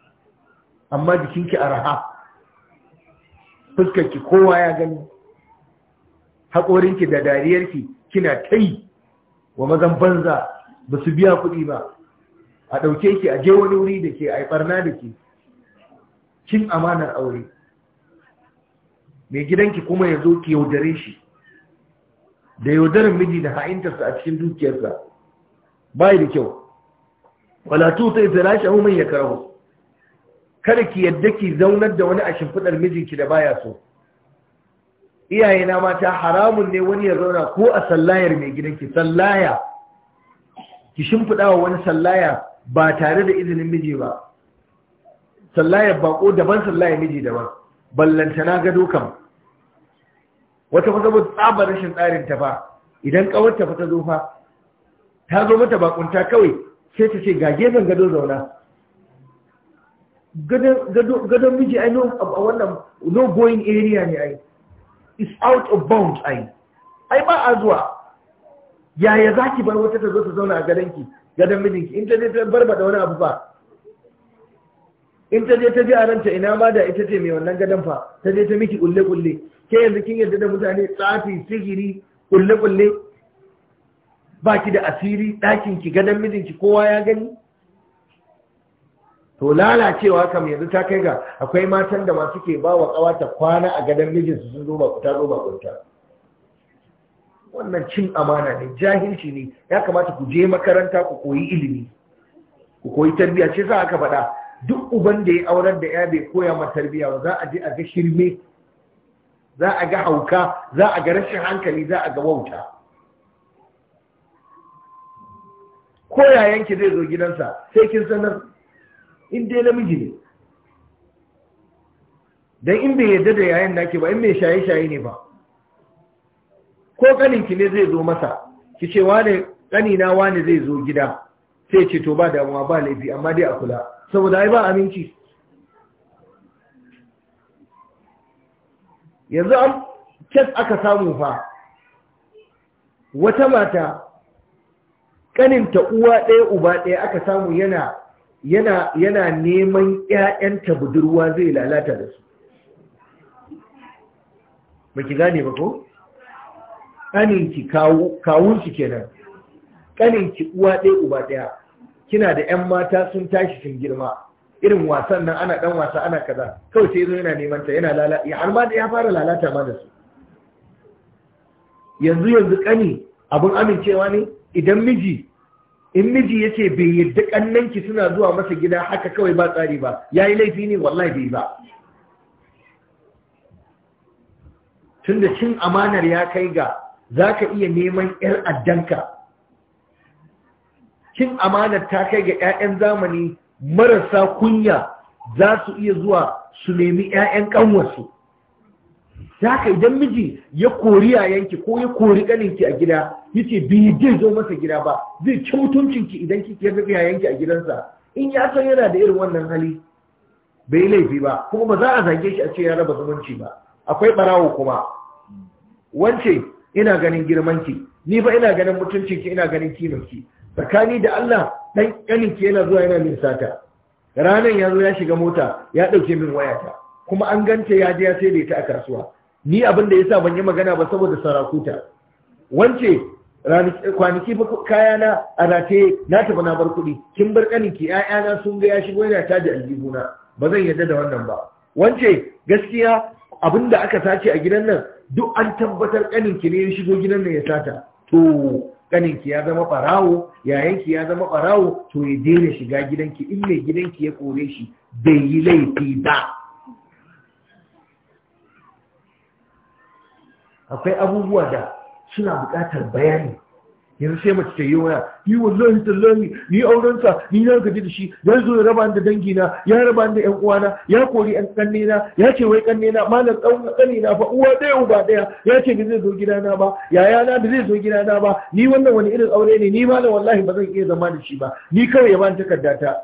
amma jikinki a raha fuskarki kowa ya gani haƙorinki da dariyarki kina ta wa mazan banza ba su biya kuɗi ba a ɗauke ki a je wani wuri da ke a yi ɓarna da ke cin amanar aure mai gidanki kuma ya zo ki yaudare shi da yaudarar miji da ha'intarsa a cikin dukiyarsa bai da kyau walatu ta ita a mai ya karahu kada ki yadda ki zaunar da wani a shimfiɗar mijinki da baya so iyayena mata haramun ne wani ya zauna ko a sallayar mai gidanki sallaya ki shimfiɗa wa wani sallaya ba tare da izinin miji ba sallayar bako daban sallayar miji daban ballantana gado kam wata kuma saboda tsabar rashin tsarin ta fa idan kawar ta fa ta zo fa ta zo mata bakunta kawai sai ta ce ga gefen gado zauna gadon miji ai wannan no going area ne ai is out of bounds ai ai ba a zuwa yaya za ki bar wata ta zo ta zauna a ki? gadon mijin in ta je ta ba da wani abu ba in ta je ta ji a ranta ina ma da ita ce mai wannan gadon fa ta je ta miki kulle kulle ke yanzu kin yadda da mutane tsafi sihiri kulle kulle ba ki da asiri ɗakin ki gadon ki kowa ya gani to lalacewa kam yanzu ta kai ga akwai matan da masu ke ba wa kawata kwana a gadon mijinsu sun zo ta zo bakuta wannan cin amana ne jahilci ne ya kamata ku je makaranta ku koyi ilimi ku koyi tarbiyya ce za ka faɗa duk uban da ya aurar da ya bai koya ma tarbiyya ba za a je a ga shirme za a ga hauka za a ga rashin hankali za a ga wauta ko yayanki zai zo gidansa sai kin sanar in dai namiji ne dan in bai yadda da yayin naki ba in mai shaye-shaye ne ba ko kaninki ne zai zo masa ki ce wane kanina wane zai zo gida sai ce to ba damuwa ba laifi amma dai a kula saboda ai ba aminci yanzu an kes aka samu fa wata mata kaninta uwa ɗaya uba ɗaya aka samu yana yana neman 'ya'yanta budurwa zai lalata da su baki gane ba ko Ƙaninki kawo ke kenan ƙaninki uwa ɗaya uba ɗaya kina da 'yan mata sun tashi sun girma irin wasan nan ana ɗan wasa ana kaza kawai sai zo yana neman ta yana lalata har ma da ya fara lalata ma da su yanzu yanzu ƙani abin amincewa ne idan miji in miji yace bai yadda ƙannanki suna zuwa masa gida haka kawai ba tsari ba ya yi laifi ne wallahi bai ba tunda cin amanar ya kai ga za ka iya neman yar addanka cin amanar ta kai ga 'ya'yan zamani marasa kunya za su iya zuwa su nemi 'ya'yan ƙanwarsu. ta haka idan miji ya kori yayanki ko ya kori kaninki a gida yace biyu zai zo masa gida ba zai ci mutuncinki idan kike ga yayanki a gidansa in ya san yana da irin wannan hali bai laifi ba kuma ba za a zage shi a ce ya raba zumunci ba akwai barawo kuma wance ina ganin girmanki ni ba ina ganin mutuncinki ina ganin kimanki tsakani da Allah dan kaninki yana zuwa yana min sata ranan ya zo ya shiga mota ya ɗauke min wayata kuma an ganta ya je ya sai da ita a kasuwa ni abin da yasa ban yi magana ba saboda sarakuta wance kwanaki ba kayana a rataye na tafi na bar kuɗi kin bar ki ƴaƴana sun ga ya shigo yana taji aljihuna ba zan yarda da wannan ba wance gaskiya abin da aka sace a gidan nan duk an tabbatar ƙaninki ne ya shigo gidan nan ya sata to ƙaninki ya zama ɓarawo yayanki ya zama ɓarawo to ya daina shiga gidanki in mai gidanki ya kore shi bai yi laifi ba akwai abubuwa da suna buƙatar bayani yanzu sai mace ta yi waya ni wallahi tallahi ni aurensa ni na gaji da shi ya zo ya raba da dangina ya raba da yan uwana ya kori yan kannena ya ce wai na malam kanne na fa uwa ɗaya uba ɗaya ya ce ba zai zo gidana ba yaya na ba zai zo gidana ba ni wannan wani irin aure ne ni malam wallahi ba zan iya zama da shi ba ni kawai ya bani takarda ta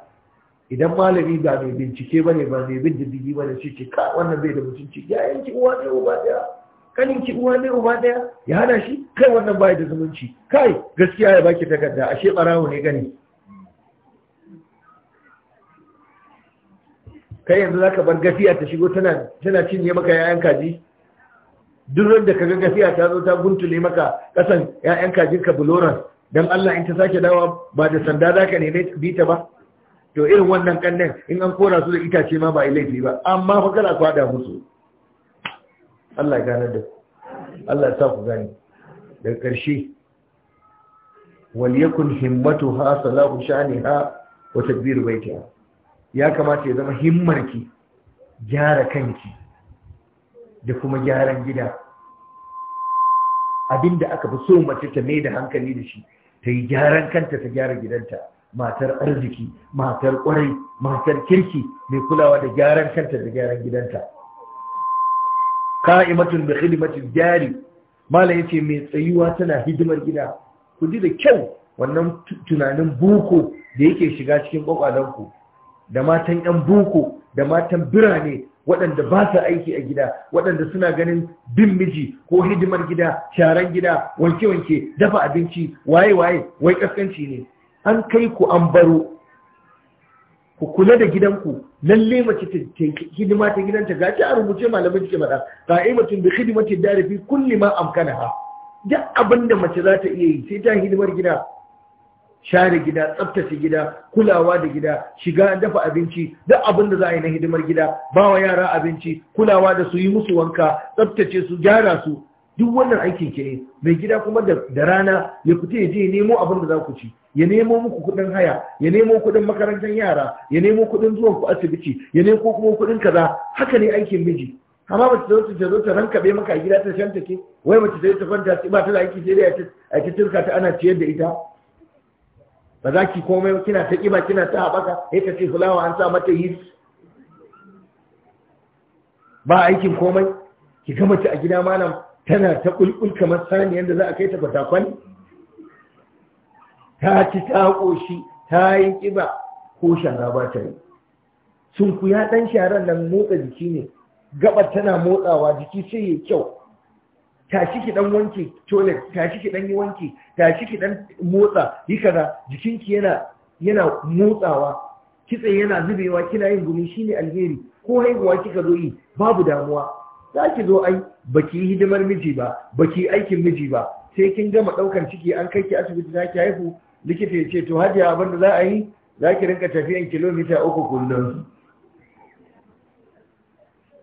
idan malami ba mai bincike ba ne, ba mai bin diddigi ne shi ce ka wannan bai da mutunci ya yanki uwa ɗaya uba ɗaya kaninki uwa ne uba daya ya hana shi kai wannan bai da zumunci kai gaskiya ya baki takarda ashe barawo ne gani kai yanzu zaka bar gafiya ta shigo tana tana cinye maka yayan kaji duk da kaga gafiya ta zo ta guntule maka kasan yayan kajin ka buloran dan Allah in ta sake dawa ba da sanda zaka ne bita ba to irin wannan kannan in an kora su da itace ma ba laifi ba amma fa kada kwada musu Allah gane da ku Allah sa ku gane daga ƙarshe waliyakun himmatu ha salahu sha'ani ha wa tabbiru baiti ya kamata ya zama ki, gyara kanki da kuma gyaran gida abinda aka fi so mace ta mai da hankali da shi ta yi gyaran kanta ta gyara gidanta matar arziki matar kwarai matar kirki mai kulawa da gyaran kanta da gyaran gidanta ka'imatun bi khidmatil jari mala yace mai tsayuwa tana hidimar gida ku ji da kyau wannan tunanin buko da yake shiga cikin kwakwalanku da matan yan buko da matan birane waɗanda ba su aiki a gida waɗanda suna ganin bin miji ko hidimar gida sharan gida wanke-wanke dafa abinci waye-waye wai kaskanci ne an kai ku an baro ku kula da gidanku lalle mace ta hidima ta gidanta ga ta rubuce malamin malamai suke ga imatin bi hidimati dare fi kulli ma amkanaha duk abinda mace za ta iya yi sai ta hidimar gida share gida tsaftace gida kulawa da gida shiga dafa abinci duk abinda za a yi na hidimar gida ba wa yara abinci kulawa da su yi musu wanka tsaftace su gyara su duk wannan aikin ki ne mai gida kuma da rana ya fita ya je nemo abin da za ku ci ya nemo muku kuɗin haya ya nemo kuɗin makarantar yara ya nemo kuɗin zuwan ku asibiti ya nemo kuma kuɗin kaza haka ne aikin miji amma mace ta ta zo ta bai maka a gida ta shanta ke wai mace ta ta kwanta ba ta da aiki sai dai a ci turka ta ana ciyar da ita ba za ki komai kina ta kiba kina ta haɓaka sai ta ce fulawa an sa mata yi ba aikin komai ki gama ci a gida malam tana ta kulkul kamar saniyar da za a kai ta fatakwal ta ci ta ƙoshi ta yi ƙiba ko shara ba ta yi sun ku ya ɗan sharan nan motsa jiki ne gabar tana motsawa jiki sai ya kyau tashi ki dan wanki toilet tashi ki dan yi wanki tashi ki dan motsa yi kaza jikinki yana yana motsawa kitse yana zubewa kina yin gumi shine alheri ko haihuwa kika zo yi babu damuwa za ki zo ai ba ki yi hidimar miji ba ba baki aikin miji ba sai kin gama ɗaukar ciki an kai ki asibiti za ki haihu likita ya ce to hajiya abin da za a yi za ki rinka tafiyan kilomita uku kullum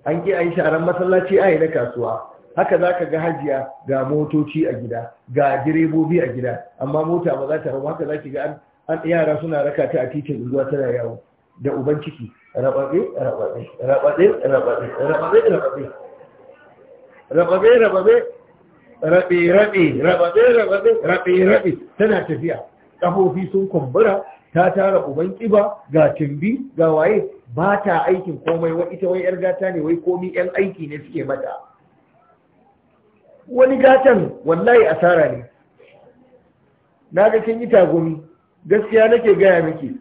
an ki a yi sharan masallaci a yi na kasuwa haka za ka ga hajiya ga motoci a gida ga direbobi a gida amma mota ba za ta hau haka za ki ga an yara suna raka ta a titin unguwa tana yawo da uban ciki rabaɗe rabaɗe rabaɗe rabaɗe rabaɗe rababe-rababe rabe-rabe rababe-rababe rabe-rabe tana tafiya ƙafofi sun kumbura ta tara uban ƙiba ga tumbi ga waye ba ta aikin komai wa ita wai yar gata ne wai komi yan aiki ne suke mata wani gatan wallahi asara ne na ga kin yi tagomi gaskiya nake gaya miki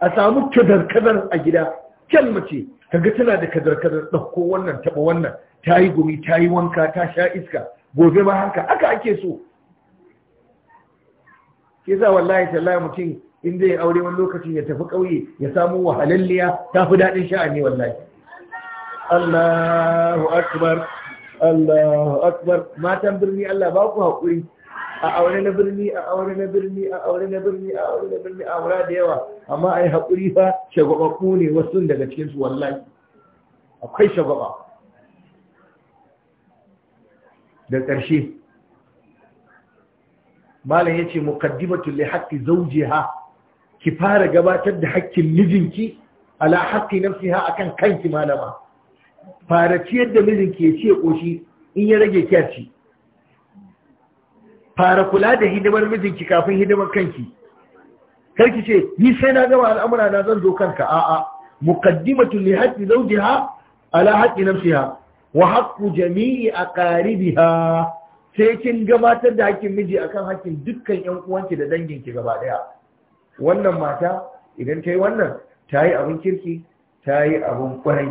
a samu kadar-kadar a gida kyan mace ga tana da kadar-kadar ɗauko wannan taɓa wannan ta yi gumi ta yi wanka ta sha iska gobe ma haka aka ake so ke sa wallahi tallahi mutum in zai aure wani lokaci ya tafi ƙauye ya samu wahalalliya ta fi daɗin sha'ani wallahi Allahu akbar Allahu akbar matan birni Allah ba ku haƙuri a aure na birni a aure na birni a aure na birni a aure na birni a aure da yawa amma ai haƙuri fa ku ne wasu daga cikin su wallahi akwai shagwaba da ƙarshe malam yace muqaddimatu li haqqi zawjiha ki fara gabatar da haƙƙin mijinki ala haqqi nafsiha akan kanki malama fara ciyar da mijinki ya ce koshi in ya rage kyaci fara kula da hidimar mijinki kafin hidimar kanki karki ce ni sai na gama al'amura na zan zo kanka a'a muqaddimatu li haqqi zawjiha ala haqqi nafsiha wa haqqu jami'i aqaribiha sai kin gabatar da haƙƙin miji akan haƙƙin dukkan ƴan uwanki da danginki gaba ɗaya wannan mata idan ta yi wannan ta yi abin kirki ta yi abin kwarai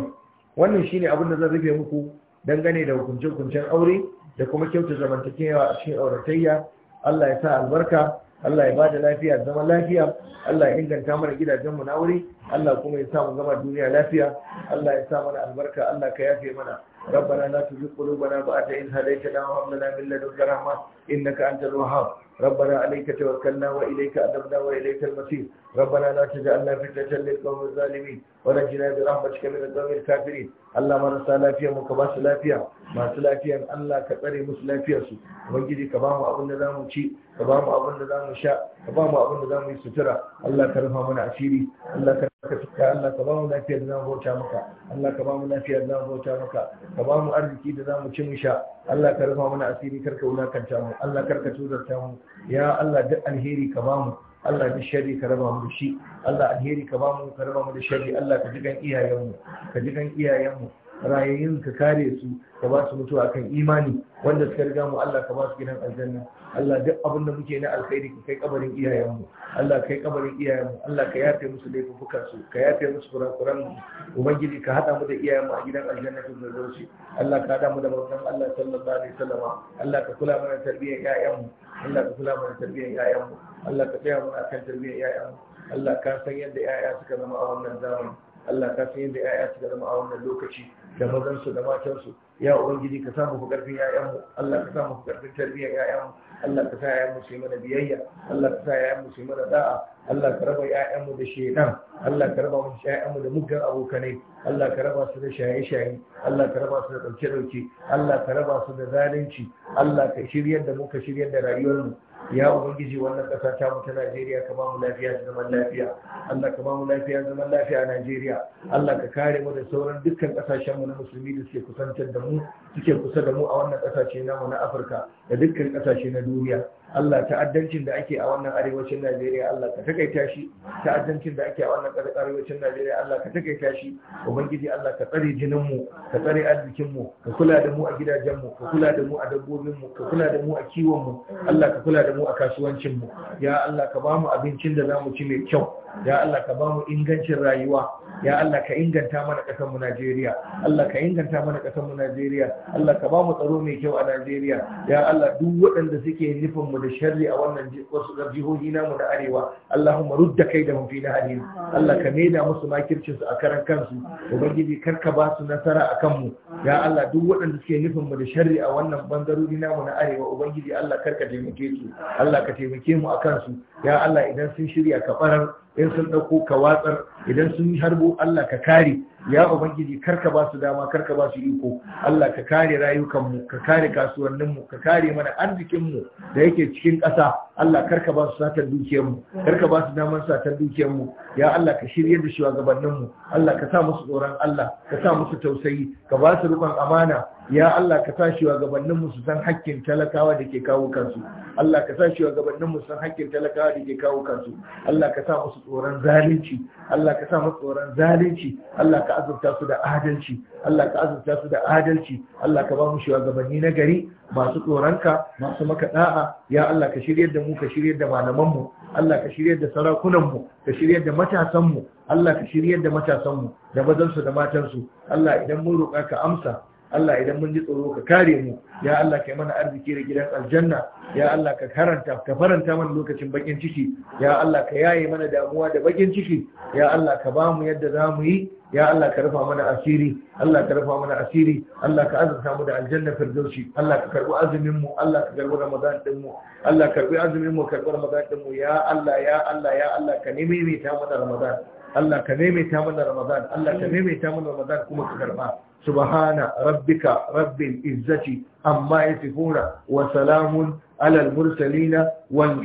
wannan shine abin da zan rufe muku dangane da hukuncin hukuncen aure da kuma kyauta zamantakewa a cikin auratayya Allah ya sa albarka Allah ya bada lafiya zaman lafiya Allah ya inganta mana gidajenmu na wuri Allah kuma ya sa mu gama duniya lafiya Allah ya sa mana albarka Allah ka yafe mana ربنا لا تزغ قلوبنا بعد إذ هديتنا وهب لنا من لدنك رحمة إنك أنت الوهاب ربنا عليك توكلنا وإليك أدبنا وإليك المصير ربنا لا تجعلنا فتنة للقوم الظالمين ونجنا برحمتك من القوم الكافرين الله ما نسى لا فيها مكباس لا فيها ما سلا فيها الله كبري مسلا فيها سو ونجدي كبام أبن نظام شيء كبام أبن نظام شاء كبام أبن نظام سترة الله كرفا من عشيري الله ka fita Allah ka ba mu lafiya da zamu bauta maka Allah ka ba mu lafiya da zamu bauta maka ka ba mu arziki da zamu ci mu sha Allah ka rufa mana asiri ka wulakanta mu Allah kar ka tuzarta mu ya Allah duk alheri ka ba mu Allah da shari ka raba mu da shi Allah alheri ka ba mu ka raba mu da shari Allah ka jigan iyayenmu ka jigan iyayenmu rayayyun ka kare su ka ba su mutuwa kan imani wanda suka riga mu Allah ka ba su gidan aljanna Allah duk abin da muke na alkhairi ka kai kabarin iyayenmu Allah kai kabarin iyayenmu Allah ka yafe musu laifukan su ka yafe musu kurakuran mu ubangiji ka hada mu da iyayenmu a gidan aljannatul firdausi Allah ka hada mu da manzon Allah sallallahu alaihi wasallam Allah ka kula mana tarbiyyar iyayenmu Allah ka kula mana tarbiyyar iyayenmu Allah ka tsaya mana kan tarbiyyar iyayenmu Allah ka san yadda iyaya suka zama a wannan zamani Allah ka san yadda iyaya suka zama a wannan lokaci da mazansu da matansu ya ubangiji ka samu ku karfin yayanmu Allah ka samu ku karfin tarbiyyar yayanmu Allah ka sa yayanmu su yi mana biyayya Allah ka sa yayanmu su yi mana da'a Allah ka raba yayanmu da shedan Allah ka raba mu yayanmu da muggan abokanai Allah ka raba su da shaye-shaye Allah ka raba su da dauke-dauke Allah ka raba su da zalunci Allah ka shiryar da mu ka shiryar da rayuwarmu ya ubangiji wannan kasa ta mu ta Najeriya kama mu lafiya da zaman lafiya Allah ka mu lafiya zaman lafiya a Najeriya Allah ka kare mu da sauran dukkan kasashen mu na musulmi da suke kusantar da mu suke kusa da mu a wannan ƙasashe namu na Afirka da dukkan ƙasashe na duniya Allah ta'addancin da ake a wannan arewacin Najeriya Allah ka takaita shi ta'addancin da ake a wannan arewacin Najeriya Allah ka takaita shi ubangiji Allah ka tsare jinin mu ka tsare arzikin mu ka kula da mu a gidajen mu ka kula da mu a dabbobin mu ka kula da mu a kiwon mu Allah ka kula da mu a kasuwancin mu ya Allah ka bamu abincin da zamu ci mai kyau ya Allah ka bamu ingancin rayuwa ya Allah ka inganta mana ƙasar mu Najeriya Allah ka inganta mana ƙasar mu Najeriya Allah ka bamu tsaro mai kyau a Najeriya ya Allah duk waɗanda suke nufin mu mu da sharri a wannan wasu jihohi namu na arewa Allahumma rudda kai da mafi na harina Allah ka maida musu makircin su a karan kansu ubangiji kar ka ba su nasara a kanmu ya Allah duk waɗanda suke nufin mu da sharri a wannan bangarori namu na arewa ubangiji Allah kar ka taimake su Allah ka taimake mu a kansu ya Allah idan sun shirya ka barar in sun ɗauko ka watsar idan sun yi harbo Allah ka kare ya ubangiji karka ba su dama karka ba su iko Allah ka kare rayukanmu ka kare kasuwanninmu ka kare mana arzikinmu da yake cikin ƙasa Allah ka ba su satar dukiyarmu ka ba su damar satar dukiyarmu ya Allah ka shirye da shugabanninmu Allah ka sa musu tsoron Allah ka sa musu tausayi ka ba su rukun amana ya Allah ka sa shugabanninmu su san hakkin talakawa da ke kawo kansu Allah ka sa shi wa gabanin musan hakkin talakawa da ke kawo kansu Allah ka sa musu tsoron zalunci Allah ka sa musu tsoron zalunci Allah ka azurta su da adalci Allah ka azurta su da adalci Allah ka ba mu shi wa na gari masu tsoronka masu maka da'a ya Allah ka shiryar da mu ka shiryar da malamanmu Allah ka shiryar da sarakunanmu ka shiryar da matasanmu Allah ka shiryar da matasanmu da bazansu da matansu Allah idan mun roƙa ka amsa Allah idan mun ji tsoro ka kare mu ya Allah kai mana arziki da gidan aljanna ya Allah ka karanta ka faranta mana lokacin bakin ciki ya Allah ka yaye mana damuwa da bakin ciki ya Allah ka ba mu yadda za mu yi ya Allah ka rufa mana asiri Allah ka rufa mana asiri Allah ka azurta mu da aljanna firdausi Allah ka karbi azumin mu Allah ka karbi ramadan din mu Allah ka karbi azumin mu karbi ramadan din mu ya Allah ya Allah ya Allah ka nemi ta mana ramadan Allah ka maimaita mana Ramadan Allah ka maimaita mana Ramadan kuma ka karba subhana rabbika rabbil izzati amma yasifuna wa salamun alal mursalina wal